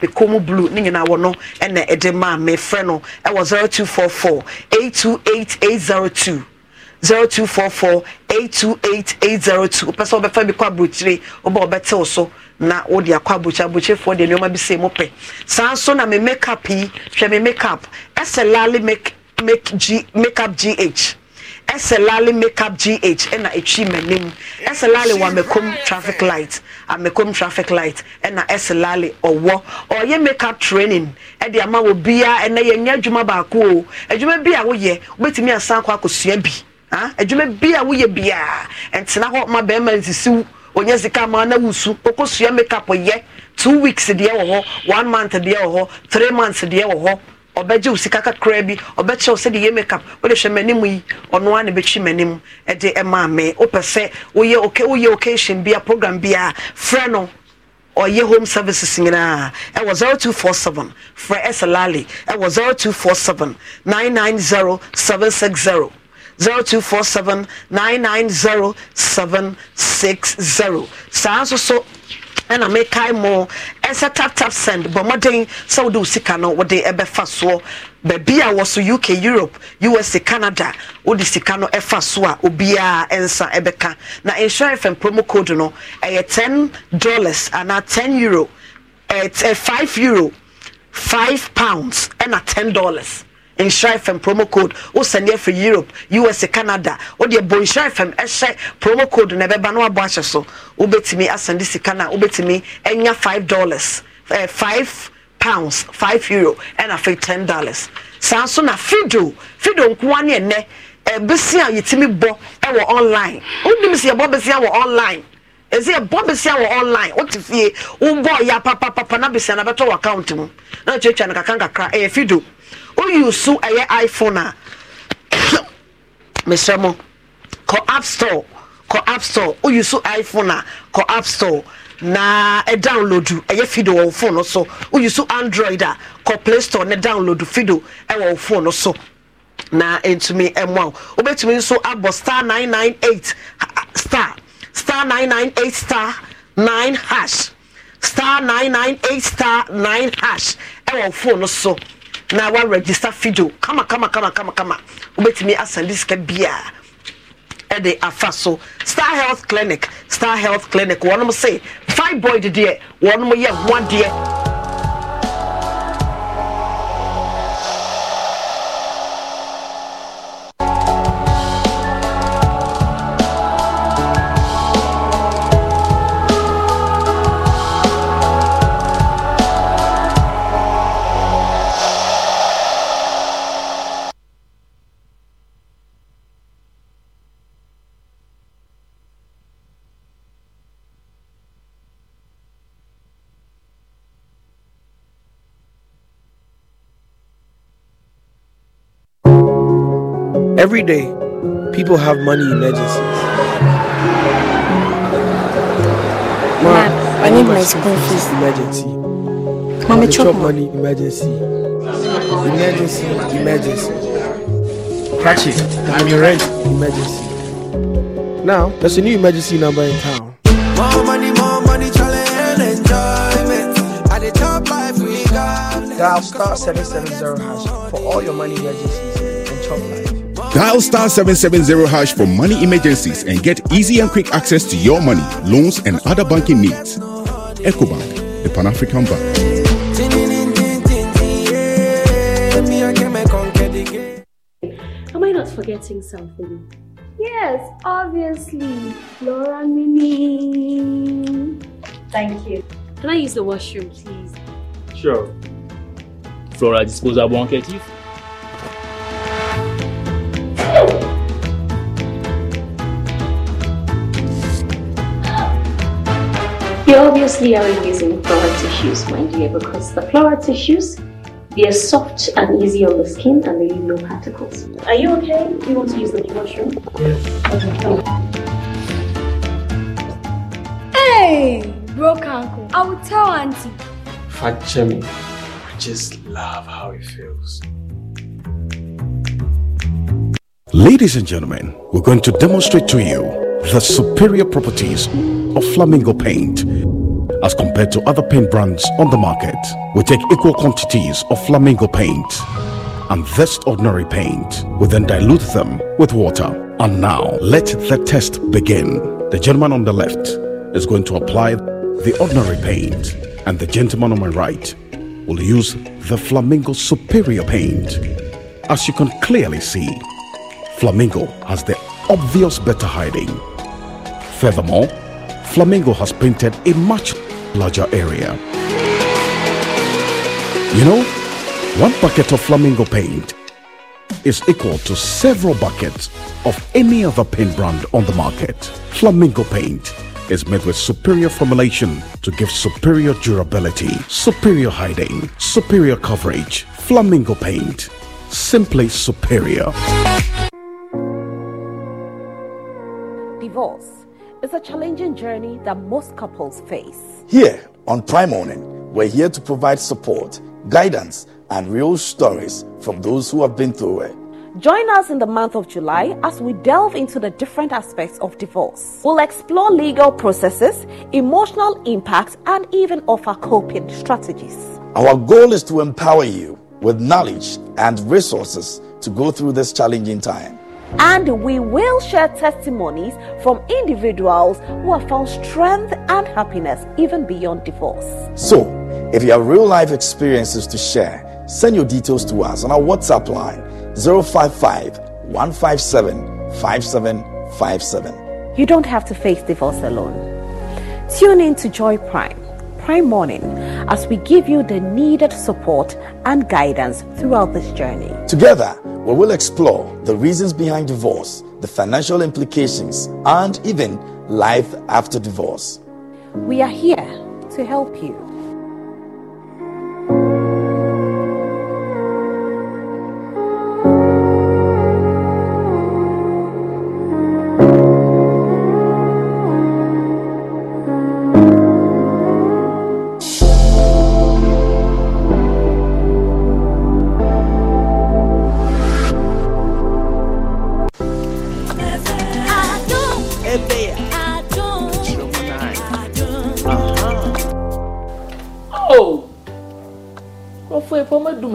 The Komu blue ne nyinaa wɔ no ɛna ɛde maa me frɛ no ɛwɔ zero two four four eight two eight eight zero two zero two four four eight two eight eight zero two wopɛ sɛ wobɛfa bi kɔ aburokyire wobɛ wɔbɛtew so na wode akɔ abukyi abukyifoɔ deɛ nneɛma bi se mu pɛ saa nso na mi makeup yi hwɛ mi makeup ɛsɛ lali make make g makeup gh ɛsɛ makeup gh ɛna ɛtwi m'anim ɛsɛ lale wɔ amekom traffic light amekom traffic light ɛna ɛsɛ lale ɔwɔ ɔyɛ makeup training ɛde ama wɔ bia ɛna yɛ nyɛ adwuma baako o adwuma bi a woyɛ wobɛtumi asan akɔ akɔsua bi ah adwuma bi a woyɛ BIA ɛntena hɔ ma bɛrima nsisiw onye sika ma na wusu okosua makeup yɛ two weeks deɛ wɔ hɔ one month deɛ wɔ hɔ three months deɛ wɔ hɔ ɔbɛgye wo sika bi ɔbɛkyerɛ wo sɛde yɛ makeup wode hwɛ m'anim yi ɔno a bɛtwi m'anim de ma me wopɛ sɛ woyɛ woyɛ occasion bia program bia frɛ no ɔyɛ home services nyinaa ɛwɔ 0247 frɛ ɛsɛlale ɛwɔ 0247 990 0247 990 saa nso so ɛna mekae mo ɛsɛ taptap send bɔ mmɔden sɛ wode wo sika no wode ɛbɛfa soɔ baabi a wɔ so uk europe usa canada wode sika no ɛfa so a obiara ɛnsa ɛbɛka na insurance fm promo code no ɛyɛ 10 dollars anaa 10 euro 5 euro 5 pounds ɛna 10 dollars nhyerɛn fam promo code wosɛnde afiri europe us canada wodeɛ bɔ nhyerɛn fam ɛhyɛ eh, promo code na ɛbɛba na wabɔ ahyɛ so wobɛtumi asɛnde sika no a wobɛtumi anya five dollars eh, five pounds five euro ɛna afei ten dollars saa nso na fido fido nkoa ne ɛnɛ ɛbɛsia eh, a yɛtumi bɔ ɛwɔ online wonim sɛ yɛbɔ bɛsia wɔ online ezi ɛbɔ besia wɔ online wote fie wobɔ ya papapapa na besia na bɛtɔ wɔ account mu na kyerɛkyerɛ no kakra nkakra ɛyɛ fido woyu so ɛyɛ iphone a mesrɛ mo kɔ app store kɔ app store woyu so iphone a kɔ app store na ɛ e download ɛyɛ e fido wɔ phone no so woyu so android a kɔ play store na e download fido ɛwɔ phone no so na ntumi ɛmoa wo wobɛtumi nso abɔ star nine nine eight, star star nine nine eight, star nine hash star nine nine eight, star nine hash ɛwɔ phone no so na wa register fidio kama kama kama kama kama wobɛtumi asande sika biaa ɛde afa so star health clinic star health clinic wɔnom se fibroid deɛ wɔnom yɛ ho adeɛ Every day, people have money emergencies. Ma, I, need my school fees. Emergency. Mommy, chop money emergency. Emergency, emergency. Catch it. I'm your rent. Emergency. Now, there's a new emergency number in town. More money, more money, challenge enjoyment. At the top life we got. Dial star 770 hash for all your money emergencies and chop life. Dial star 770 hash for money emergencies and get easy and quick access to your money, loans, and other banking needs. EcoBank, the Pan African Bank. Am I not forgetting something? Yes, obviously. Laura Mimi. Thank you. Can I use the washroom, please? Sure. Flora disposal blanket, if You obviously are using floral tissues, my you, because the floral tissues they are soft and easy on the skin and they leave no particles. Are you okay? Do you want to use the washroom? Yes. Okay. Hey, broke uncle. I will tell auntie. Fat Chemi, I just love how it feels. Ladies and gentlemen, we're going to demonstrate to you the superior properties of flamingo paint as compared to other paint brands on the market. We take equal quantities of flamingo paint and this ordinary paint. We then dilute them with water. And now, let the test begin. The gentleman on the left is going to apply the ordinary paint, and the gentleman on my right will use the Flamingo Superior paint. As you can clearly see, Flamingo has the obvious better hiding. Furthermore, Flamingo has painted a much larger area. You know, one bucket of Flamingo paint is equal to several buckets of any other paint brand on the market. Flamingo paint is made with superior formulation to give superior durability, superior hiding, superior coverage. Flamingo paint, simply superior. Divorce it's a challenging journey that most couples face. Here on Prime Morning, we're here to provide support, guidance, and real stories from those who have been through it. Join us in the month of July as we delve into the different aspects of divorce. We'll explore legal processes, emotional impacts, and even offer coping strategies. Our goal is to empower you with knowledge and resources to go through this challenging time. And we will share testimonies from individuals who have found strength and happiness even beyond divorce. So, if you have real life experiences to share, send your details to us on our WhatsApp line 055 157 5757. You don't have to face divorce alone. Tune in to Joy Prime Prime Morning as we give you the needed support and guidance throughout this journey. Together, we will explore the reasons behind divorce, the financial implications, and even life after divorce. We are here to help you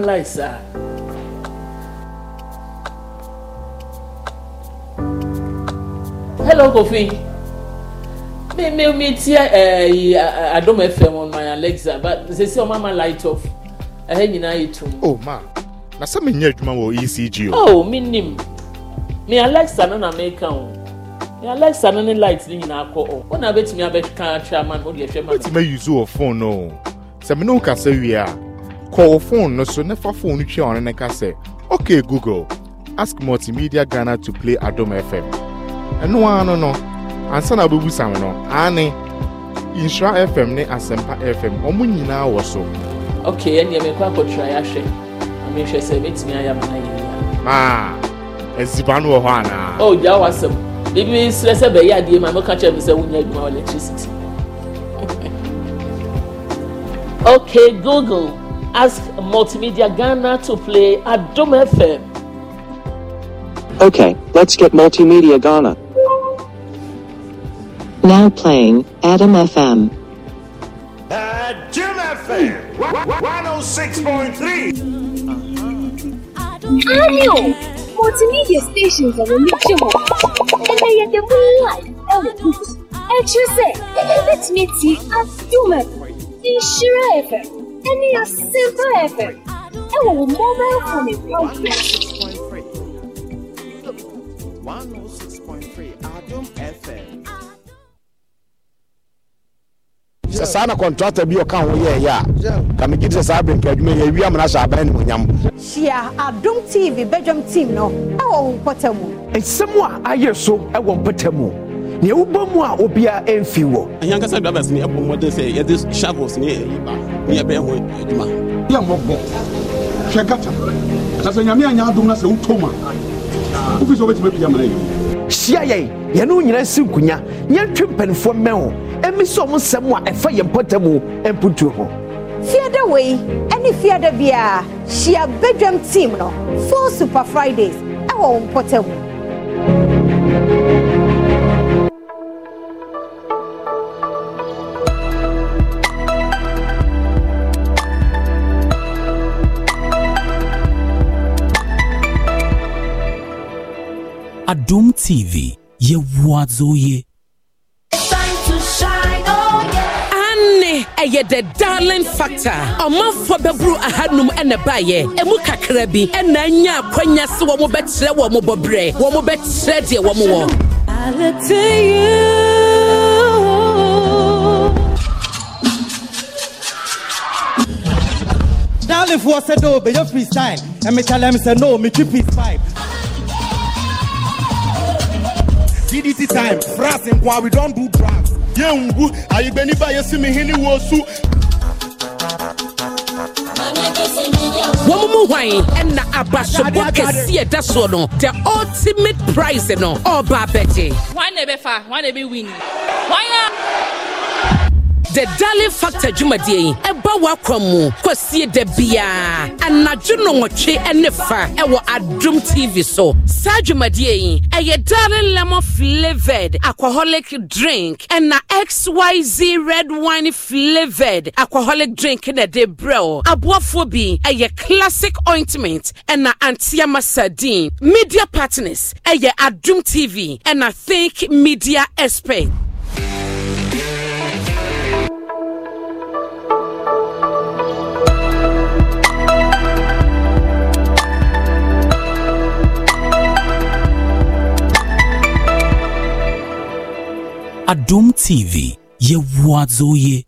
láìsà. hello Kofi me me me tie eh, ɛɛ eh, Adom FM on my Alexa but sisi ɔmo ama light off ɛhɛ eh, nyinaa yɛ tum. o oh, ma na sɛ menyɛ adwuma wɔ ECG o. o oh, mi nim mi Alexa no na mi ka o mi Alexa no ne light ne nyinaa kɔ o ɔna betumi abɛka atwa ama mi o de ɛhwɛ ma mi. o ti ma use o phone no sɛ mi n'o kasa wie a. kọọ phone no so na fa no twia google ask multimedia ghana to play adom fm ɛno ara no no ansa eh, na wobɛbusa me no ane fm ne asɛmpa fm ɔmo nyinaa wɔ so okay ɛneɛ mekɔ akɔtwra yɛahwɛ mehwɛ sɛ mɛtumi ayɛ amana yɛyia maa aziba no wɔ hɔ o ma kyerɛ oh, adwuma electricity ok, google ask Multimedia Ghana to play at Dome FM. Okay, let's get Multimedia Ghana. Now playing Adam FM. Uh, FM 106.3. Radio! Multimedia stations are reachable. And they are the real life element. And you say, let me see Adam FM. The Shira FM. any as simple FM ẹ wò wò mobile phone ìpàdé. one oh six point three Adum FM. sɛ saa na kɔntrata bi ɔka ho yɛɛyɛ a kamegye te sɛ saa berɛnka adwuma yɛ awia mena hyɛ aban nimonyam hyia adom tv bɛdwam team no ɛwɔ wo mpɔta mu ɛnsɛm a ayɛ so ɛwɔ mpɔta mu nea wobɔ mu a obiara ɛmfi wɔ yɛnkasa drivers ne ɛbɔ mmɔden sɛ yɛde shavels ne ɛyi ba ne yɛbɛyɛ ho adwuma yɛ mmɔbɔ hwɛ gata na sɛ nyame anya adom na sɛ wotɔm a wofi sɛ wobɛtumi apia mana yi hyia yɛn yɛne wo nyina si nkonya yɛntwe mpanimfoɔ mmɛn ho ɛmi sɛ ɔmo nsɛm a ɛfa yɛn mpɔtam mputuo ho fiada wei ɛne fiada biara hyia badwam team no four super fridays ɛwɔ wo mpɔtam Adum TV, ye ɛyɛ oh the darling factor. Ɔmanfoɔ bɛburu ahanum ɛna baayɛ. Emu kakra bi ɛna anya akwanya sɛ wɔn bɛkyerɛ wɔn bɔbrɛ. Wɔn bɛkyerɛ deɛ wɔn wɔ. I look to you. Darling, for us, no, but your freestyle. And me tell them, say, no, me keep his DDT time, frass and why we don't do drugs. Yeah, are you Benny going to buy a simi hini wosu? wɔn mu hwan ɛna abasobɔ kɛseɛ da soɔ no the ultimate prize no ɔba abɛgye. wọn na ɛbɛfa wọn na ɛbɛ win wọn yà the darling factor dwumadie yi ɛba wakɔ mu kɔsie da biara anadwo nɔnwɔtwe ne fa ɛwɔ adum tv so saa dwumadie yi ɛyɛ darling lemon flavoured alcoholic drink ɛna xyz red wine flavoured alcoholic drink na de brɛw aboafoɔ bi ɛyɛ classic ointment ɛna antiama sardine media partners ɛyɛ adum tv ɛna think media expert. Adum TV yẹ wo adzoye.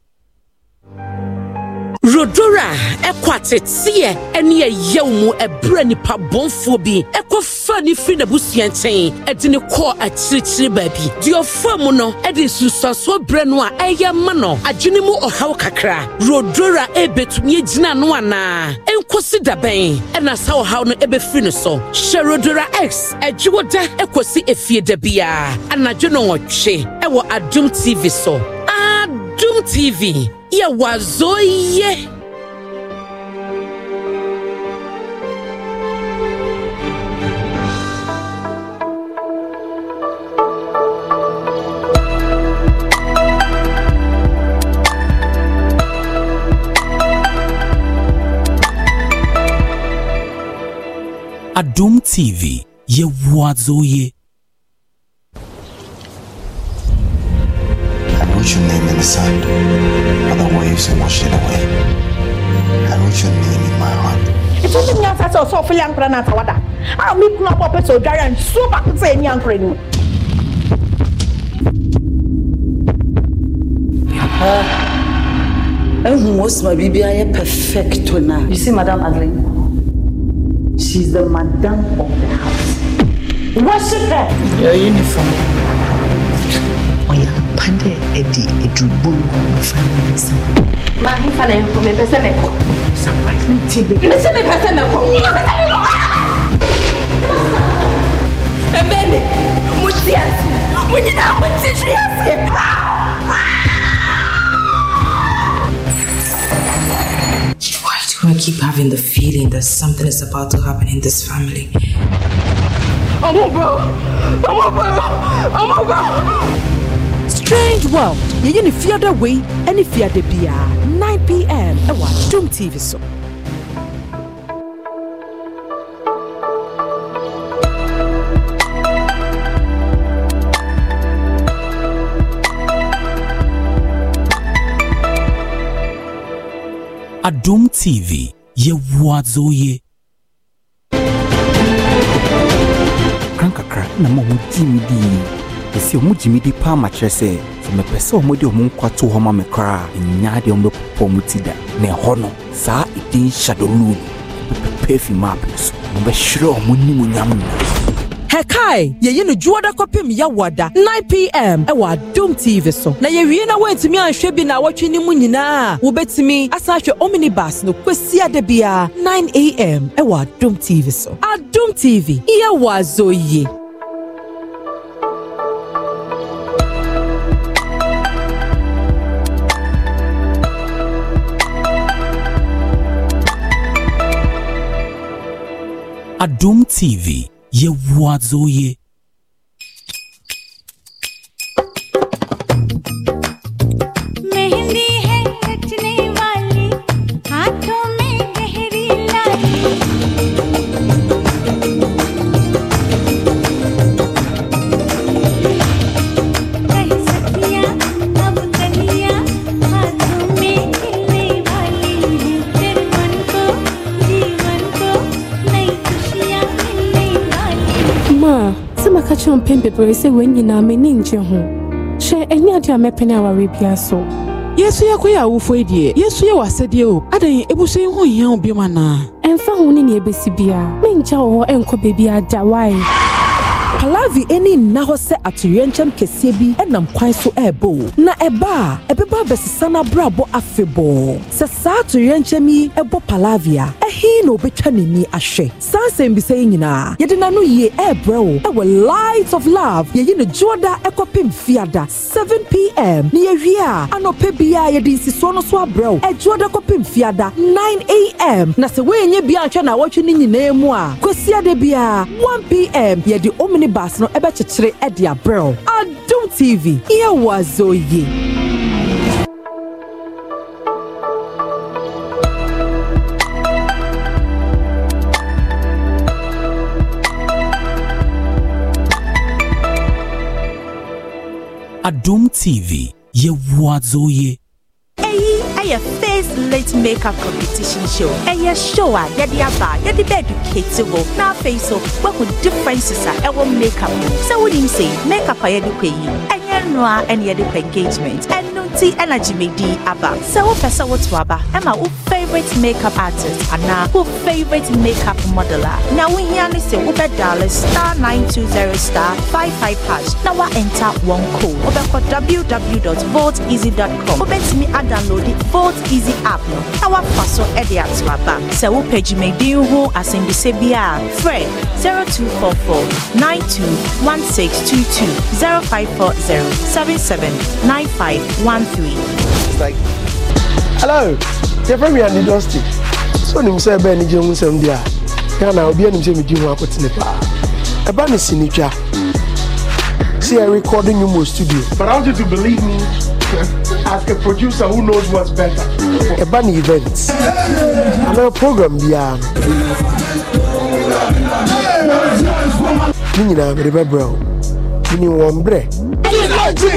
rodora ɛkɔ ateteɛ ɛne ɛyɛw mu ɛbrɛ nipa bɔnfoɔ bi ɛkɔ fa ne firi n'abusua nkyɛn ɛde ne kɔɔ akyirikyiri baabi deɛ ɔfa mu no ɛde nsusuasoɔ brɛ no a ɛyɛ ma no adwene mu ɔhaw kakra rodora ɛbɛtumi e agyina no anaa e Kosi dabɛn ɛna saa ɔhaw no ɛbɛfiri no so hyɛrodora x adwiwo da ɛkɔsi efie da biara anadwo no ɔtwe ɛwɔ adum tv so adum tv yɛ wazoyɛ. Adum TV yewazoye. I wrote your name in the sand, but the waves washed it away. I wrote your name in my heart. Ìtúntò ní asa sọ sọ fúlẹ̀ ànkúrẹ́ náà àtàwádà. A mi kún ọ̀pọ̀ pẹ̀sẹ̀ ọ̀dárí à ń sọ bá pẹ̀sẹ̀ ẹ̀ ní ànkúrẹ́ ni. Ẹ̀hún ó sì mọ bíbí ayé pẹ̀fẹ́kítọ̀ náà. You see, Madam Adeline. She's the madam of the house. Worship her. Your uniform. Oya, oh, pande edi edubu fanisa. Mahi fana yanko me pese me ko. Surprise me tibi. Me se me pese me ko. Emene, mutiasi, I keep having the feeling that something is about to happen in this family. I'm over. I'm over. I'm over. Strange World. You're in the way, and if you're the 9 p.m. watch Doom TV. So. Adum TV yɛ wɔadzo yie. Kran na ma wɔn gyi mi di. Ɛsi wɔn gyi mi di paa ma kyerɛ sɛ sɛ mepɛ sɛ wɔn de wɔn nkwa to hɔ ma me koraa nyaa deɛ wɔn bɛpɔpɔ wɔn ti da. Na ɛhɔ no saa ɛdin hyadoluu no pɛpɛ fi maa so wɔn bɛhyerɛ wɔn nimu nyam nyinaa hɛkae yɛyi no dwoɔda kɔpem yɛwɔda 9pm ɛwɔ adom tv so na yɛwie na woantumi anhwɛ bi na awɔtwe no mu nyinaa a wobɛtumi asan ahwɛ omnibus no kwasi ada biara 9am ɛwɔ adom tv so adom tv yɛwɔ azɔ yie doom TV ये वो आज जो ये kyerɛ mpɛn bebree sɛ wɔn nyinaa m'ani ngye ho hyɛ ɛnyɛ ade a mɛpɛne awareɛ biara so yesu yɛkɔ yɛ awofo yi deɛ yesu yɛ w'asɛdeɛ o adɛn ebusua yi ho hia wo biom anaa ɛmfa ho ne nea ɛbɛsi biara menkyɛ wɔ hɔ ɛnkɔ baabi ada wae kalavi ni nna hɔ sɛ atoyerɛnkyɛm kɛseɛ bi nam kwan so ɛrebɔ o na ɛba a ɛbɛba abɛsesa n'abrabɔ afebɔɔ sɛ saa atoyerɛnkyɛm yi ɛbɔ palavi a ɛhe na obɛtwa n'ani ahwɛ saa nsɛmbisa yi nyinaa yɛde n'ano yie ɛrebrɛ wo ɛwɔ light of love yɛyi ne dwoɔda ɛkɔpem fiada 7pm na yɛwie a anɔpɛ bia yɛde nsisoɔ no so abrɛ wo ɛdwoɔda kɔpem fiada 9am na sɛ woɛnyɛ bia nhwɛ na awɔtwe no nyinaa mu a kwasiada bia 1pm yɛde omni numbers no ɛbɛkyekyere ɛde abrɛw adum tv yɛwɔ azɔ yie. Adum TV, ye wazoye today's late makeup competition show. And your show a yɛde aba yɛde bɛ educate face na What so woahu differences a ɛwɔ makeup mu sɛ wonim say makeup a yɛde kɔ And your noa and yɛde kɔ engagement ɛno ti energy medi aba sɛ wopɛ sɛ woto aba Emma, wo favorite makeup artist anaa wo favorite makeup modeler. model a na wohia ne sɛ wobɛdale star 920 star 55 hash na woaɛnta wɔn ko wobɛkɔ www.volteasy.com wobɛtumi adownload volt easy app no na woafa so de ato aba sɛ wopɛ dwumadin ho asɛmbisɛ bi a frɛ 0244 92 1622 054077951 country. It's like, hello, they're very industry. So nim say be ni jehun sem dia. Ghana obi anim say me di ho akotene pa. Eba ne signature. See I am recording you more studio. But I want you to believe me as a producer who knows what's better. Eba ne events. Ana program bia. Ni nyinaa mede bɛbrɛ wo mene wɔ mberɛ jí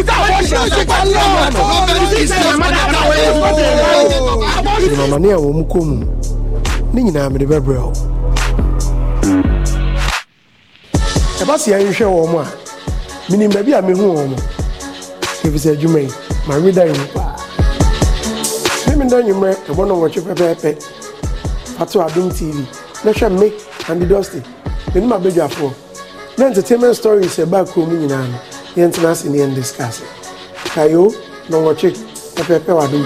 amane a wɔ mu kɔ mu ne nyinaa mede bɛbrɛ wo ɛba se yɛnhwɛ wɔ mu a menim baabi a mehu wɔ mu ɛfiri sɛ adwuma yi mareda yi mu paa memeda nwummerɛ ɛbɔ no wɔtwe pɛpɛɛpɛ ato adom tv na hwɛ me ande dusty menim abadwafoɔ na entertainment stories ɛbaa kurom nyinaa no yɛntena ase ne yɛndiscase kayo na wɔtwe pɛpɛpɛ wɔ adom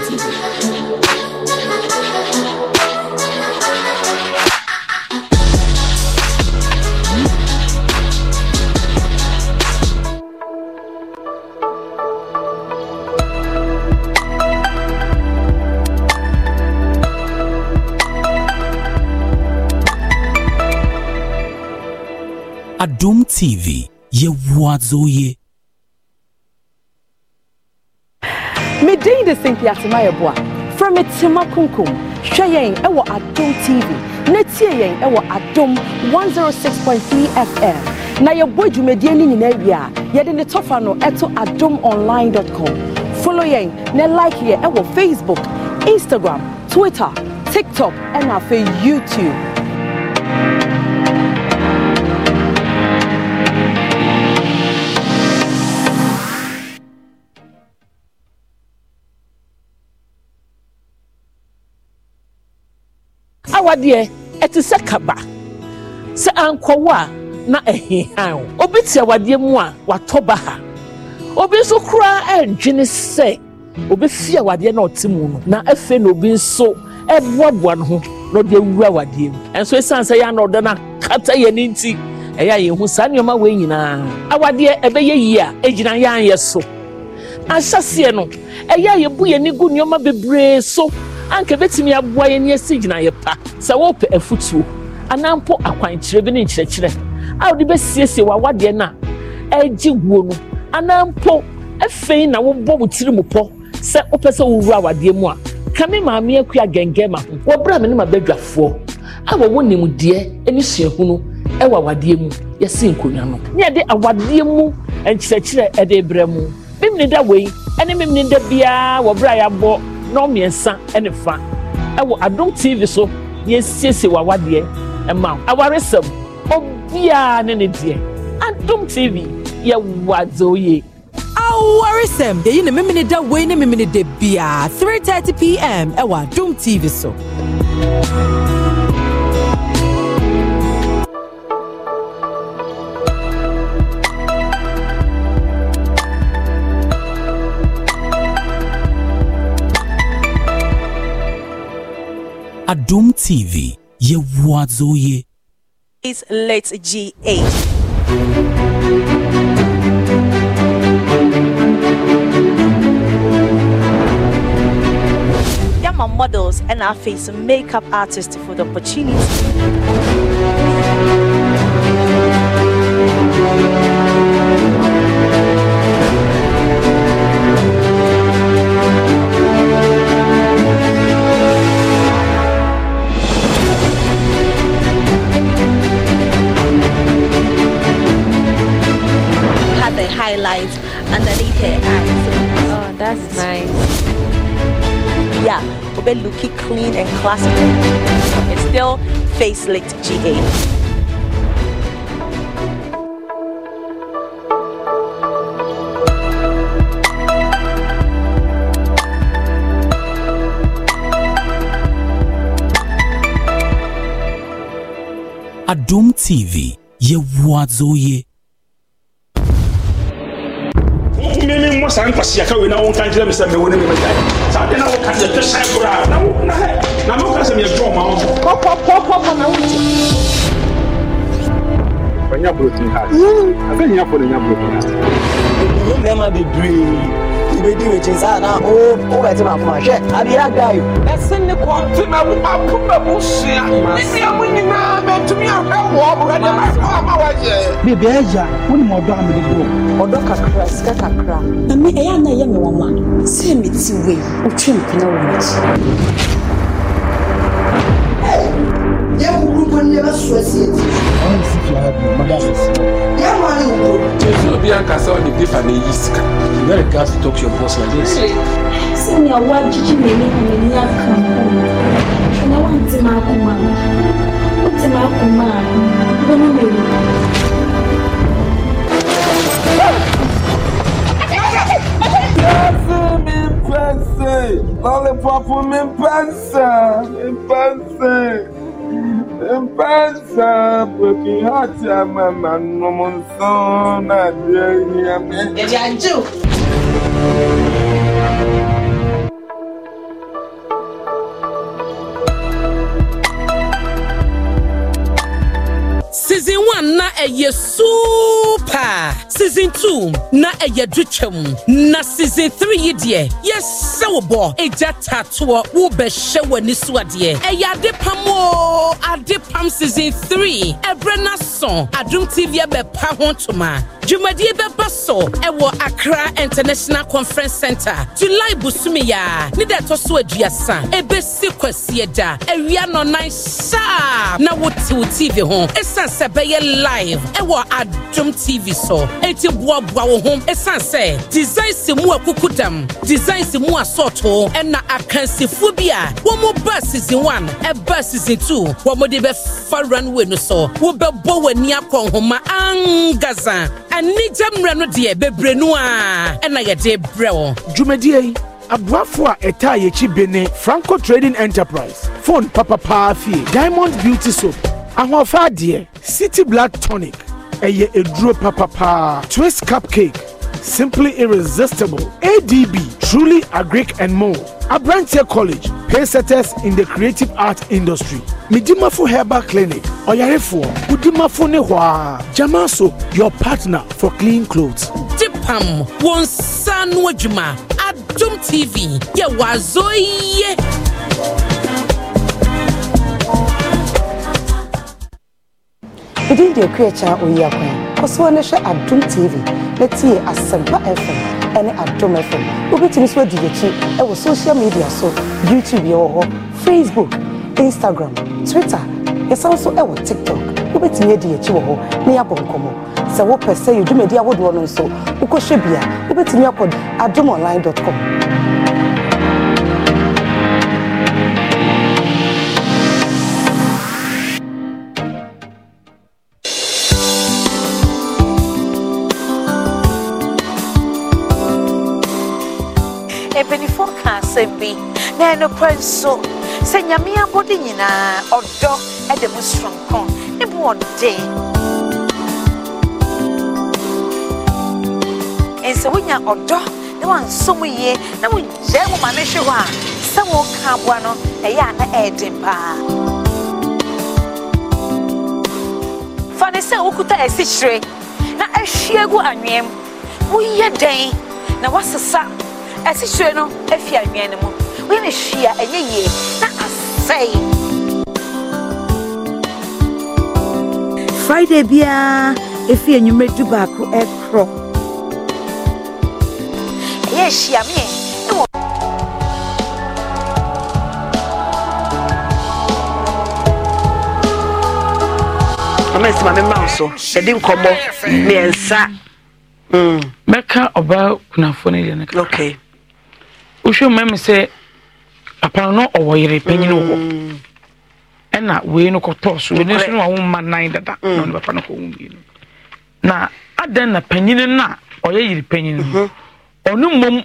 Adum TV, ye wadzo ye. me din de sinki atema yɛ from frɛ me tema konkom hwɛ yɛn ɛwɔ adom tv na tie yɛn ɛwɔ adom 106.3 fm na yɛbɔ dwumadie ni nyinaa wie a yɛde ne tɔfa no ɛto adomonline.com follow yɛn na like e wo facebook instagram twitter tiktok and afei youtube kaba deɛ ɛte sɛ kaba sɛ ankɔwɔ na ɛhehan obi te awadeɛ mu a watɔ ba ha obi nso koraa ɛredwene sɛ obɛfi awadeɛ na ɔte mu no na afei na obi nso ɛboaboa no ho na ɔde awura awadeɛ mu ɛnso ɛsiane sɛ yɛa na ɔda na akata yɛ ne nti ɛyɛ a yɛhu saa nneɛma wei nyinaa awadeɛ ɛbɛyɛ yie a ɛgyina yɛanyɛ so ahyɛseɛ no ɛyɛ a yɛbu yɛni gu nneɔma bebree so anka bɛtumi aboa yɛn ne asi gyina yɛ pa sɛ wɔpɛ afutuo anampo mpo akwankyerɛ bi ne nkyerɛkyerɛ a wɔde bɛsiesie w'awadeɛ no a ɛregye guo no anampo mpo afei na wobɔ wo tiri mu pɔ sɛ wopɛ sɛ wowura awadeɛ mu a ka me maame akua gɛngɛn ma ho wɔbrɛ me ne ma badwafoɔ a wɔwɔ nimdeɛ ne suahunu ɛwɔ awadeɛ mu yɛsi nkonnwa no ne yɛde awadeɛ mu nkyerɛkyerɛ ɛde brɛ mu memene da wei ɛne memene da biara wɔbrɛ a yɛabɔ na mmiɛnsa ne fa ɛwɔ Adum tv so yɛsiesie w'awadeɛ ɛma wo awaresɛm obiara ne ne deɛ Adum tv yɛwɔ adze oyie awaresɛm yɛyi ne memene da wei ne memene da biaa 3:30 pm ɛwɔ Adum tv so Adum TV ye wazoye. It's late GA. There my models and our face makeup artists for the opportunity. Lights underneath her eyes. Oh, that's nice. Yeah, we'll be looking clean and classy. It's still facelift GA. Adum TV, ye wadzo ye. saa nkwasia ka wei na wɔn kan kyerɛ mi sɛ mɛ ne mi mɛ gyae saa na wɔ kan kyerɛ koraa na wɔ na hɛ na mɛ sɛ mɛ yɛ dɔn ma wɔn. pɔpɔpɔpɔpɔ na wɔn ti. ɔnyaburo ti ha. afɛn nyaburo nyaburo ti ha. ɛyɛ mmarima bebree bɛdi wɛkyi nsa na o o bɛ ti ma kuma hwɛ abira gayo. ɛsɛ ne kɔn ti na wo akoma mu sua ne ni amu nyinaa bɛ tumi ahwɛ wɔ ɔbɔ ɛdɛ ma ɛfɔ ama wa yɛ. bèbè ɛyà wọn ni mo ɔdɔ amidi do ɔdɔ kakra sika kakra. mami ɛyà náà yɛ mi wɔn ma sɛ mi ti wei o tún mpinna wɔn akyi. ɛ yɛ kúkú kwan yɛ bɛ sɔ ɛsɛ ti help me mother say yeah man you mi pensa, mi Mpensa peki hati ama manumunso na diye yame. Ejanju. na ɛyɛ super season two na ɛyɛ dutwam na season three yi deɛ yɛsɛ wo bɔ egya tatoɔ wobɛhyɛ w'ani so adeɛ ɛyɛ ade pam o ade pam season three ɛbrɛ n'asɔn adum tv ɛbɛpa ho ntoma dwumadie bɛba so ɛwɔ accra international conference center july busumiya ne da ɛtɔ so aduasa ebesi kwasiɛ da ɛwia nɔnan saa na wotiw tv ho esan sɛ ɛbɛyɛ live live ɛwɔ adom tv so ɛti boaboa wo ho ɛsiane sɛ design si mu akuku dam design si mu asɔɔto ɛna akansifoɔ bi a wɔn mo ba season one ɛba season two wɔn mo de bɛfa runway no so wɔbɛbɔ wɔn ani akɔ nhoma angaza anigya mmerɛ no deɛ bebree no a ɛna yɛde brɛ wɔn. dwumadie yi aboafo a ɛtaa yɛkyi bi ne franco trading enterprise phone papapaa fie diamond beauty soap ahoɔfɛ adeɛ city Blood tonic ɛyɛ eduro papapaa twist cupcake simply irresistible adb truly agric and more abranteɛ college paysetters in the creative art industry medimafo herbal clinic ɔyarefoɔ wodimafo ne hɔ a gyamaso your partner for clean clothes dipam wɔn nsa no adwuma adom tv yɛ wazɔ yie ɛdin deɛ kuakyaa ɔyi akwan kɔsoɔ ne hwɛ adom tv na tie asɛmpa fm ɛne adum fm wobɛtumi so adi yɛkyi ɛwɔ social media so youtube yɛwɔ hɔ facebook instagram twitter yɛsan so ɛwɔ tiktok wobɛtumi adi yɛkyi wɔ hɔ na yɛabɔ nkɔmmɔ sɛ wopɛ sɛ yɛdwumadi ahodoɔ no nso wokɔhwɛ bia wobɛtumi akɔ adom com asɛm bi na ɛnokorɛ nso sɛ nyame abɔde nyinaa ɔdɔ ɛde mu soronko ne mu ɔden ɛnsɛ wonya ɔdɔ na wansɔ mu yie na wogyae mu ma ne hwe hɔ a sɛ wɔka aboa no ɛyɛ a na ɛɛden paa fa ne sɛ wokuta asikyire na ahwie gu anweɛm woyɛ dɛn na woasesa ɛsihyire no efi anwea ne mu wɔn ne hyia ɛnyɛ yie na asɛe. friday biara efi enyimire du baako ɛkorɔ ɛyɛ hyia miɛ. mama nsi maame mma so yɛde nkɔmmɔ mmiɛnsa hmm. mɛka ɔbaa kunafoɔ no yɛ no okay wohwɛ ma ɛmi sɛ papa no ɔwɔ yere panyin wɔ mm. ɛna wei no kɔtɔɔ so mma nan dada mm. na ɔne papa no na adan na panyin no a ɔyɛ yere panyin no mhm. ɔno mmom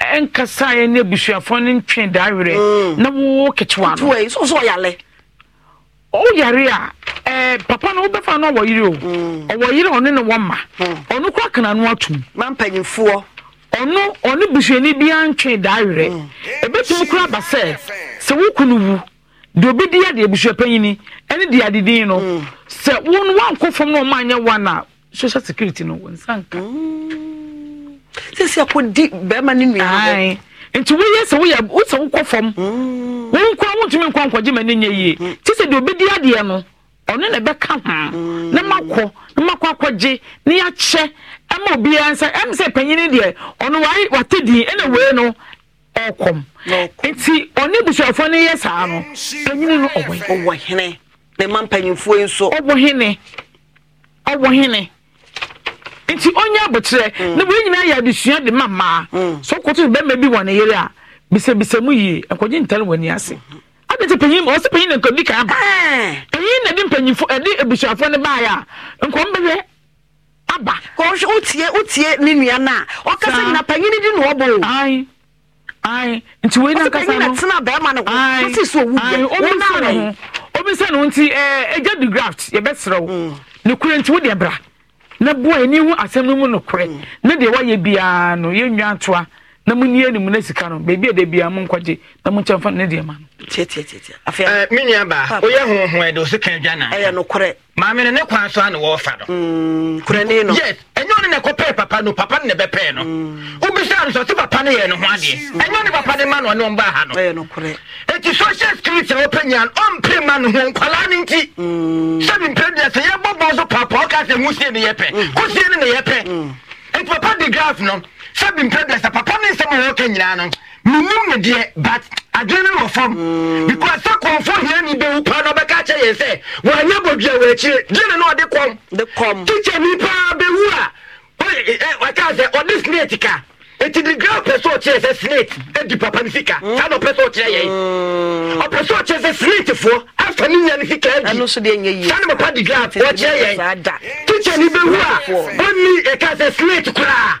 ɛnkasa yɛ ne abusuafoɔ ne ntwe da mm. na ketewa no a papa ɔwɔ o ɔwɔ ɔne na wɔn ma ɔno ma ɔno ɔne busuani biara antwe da awerɛ ɛbɛtumi mm. kora aba sɛ sɛ wo kunu wu deɛ obi di adeɛ abusua panyini ɛne deɛ adedin no mm. sɛ wɔn wankɔ fam na wɔn anyɛ wɔn a social security no wɔn nsa nka. Mm. sisi akɔ di bɛrima ne nua bɛ. nti woyɛ sɛ woyɛ wosɛ wokɔ fam wɔn nkɔ wɔntumi nkɔ nkɔgye ma ne nyɛ yie ti sɛ deɛ obi di adeɛ no ɔno na ɛbɛka ho na makɔ na makɔ akɔgye na yɛakyɛ ɛma obiara nsa ɛm sɛ panyin deɛ ɔno wari wate din ɛna wei no ɔkɔm nti ɔne busuafoɔ no yɛ saa no panyin no ɔwɔ ɔwɔ hene ne ma mpanyinfoɔ nso ɔwɔ hene ɔwɔ hene nti onye abotire mm. na wei nyinaa yɛ adesua de ma mmaa so koto bɛrima bi wɔ ne yere a bisabisa mu yie nkɔgye ntare wɔ ne ase mm-hmm. adi ti panyin ɔsi panyin na nkɔdi kan ba panyin na de mpanyinfoɔ ɛde busuafoɔ no baayɛ a nkɔm bɛyɛ. aba wotie wotie ne nua no ɔkasa nyina di na ɔbɔ o nti wei nankasa no tena bɛrima na wosi so owu obi sɛ no nti eh, eh, graft mm. nti na boa ani hu asɛm no mu nokorɛ mm. ne deɛ woayɛ biara no yɛnnwa ntoa na mu nie ne mu na sika no baabi a da bia mu na mu nkyɛn fa ne deɛ ma no. tiɛtiɛtiɛtiɛ afei. ɛɛ eh, mi nua baa o yɛ huhun ɛdi o si kan dwa na. ɛyɛ nukurɛ. maame no ne kwan so a wɔɔfa no. Mm, kurɛ ne no. yes ɛnyɛ ɔne na ɛkɔ pɛɛ papa no papa ne na ɛbɛ pɛɛ no. Mm. obisa no sɛ ɔsi papa no yɛ ne ho adeɛ ɛnyɛ ɔne papa ne ma no ɔne ɔn ba ha no. ɛyɛ nukurɛ. eti social security a wɔpɛ nyan ɔmpere ma no ho nkwalaa ne nti. Mm. sɛbi mpere deɛ papa ɔka sɛ ne yɛ pɛ ne ne yɛ papa de no sɛ bimpɛ dɛ sɛ papa ne nsɛm a wɔka nyinaa no menim ne deɛ but adwene no wɔ fam mm. because sɛ kɔmfo hiani bɛwu paa na ɔbɛka kyɛ yɛ sɛ wɔanyɛ bɔdua wɔ akyire gyene na ɔde kɔm tikya ni paa bɛwu a ɔka sɛ ɔde snate ka nti de gra pɛ sɛ ɔkyerɛ sɛ snate adi papa no sika mm. saa na ɔpɛ sɛ ɔkyerɛ yɛn mm. ɔpɛ sɛ ɔkyerɛ sɛ snatefoɔ afa ne nya sika adi saa papa de gra ɔkyerɛ yɛn tikya ni bɛwu a ɔnni ɛka sɛ snate koraa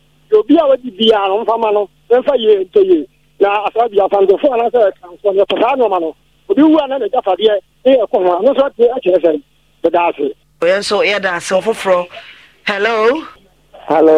obi a wadi biara no mfama no mfa yie ntɔ yie na asaa bi a anaasɛ kanfo no yɛpɛ saa nneɛma no obi wu a na n'agya fadeɛ ne yɛ kɔ ho a no nso ate akyerɛ sɛ yɛda ase. yɛn nso yɛda ase ɔfoforɔ hello. hello.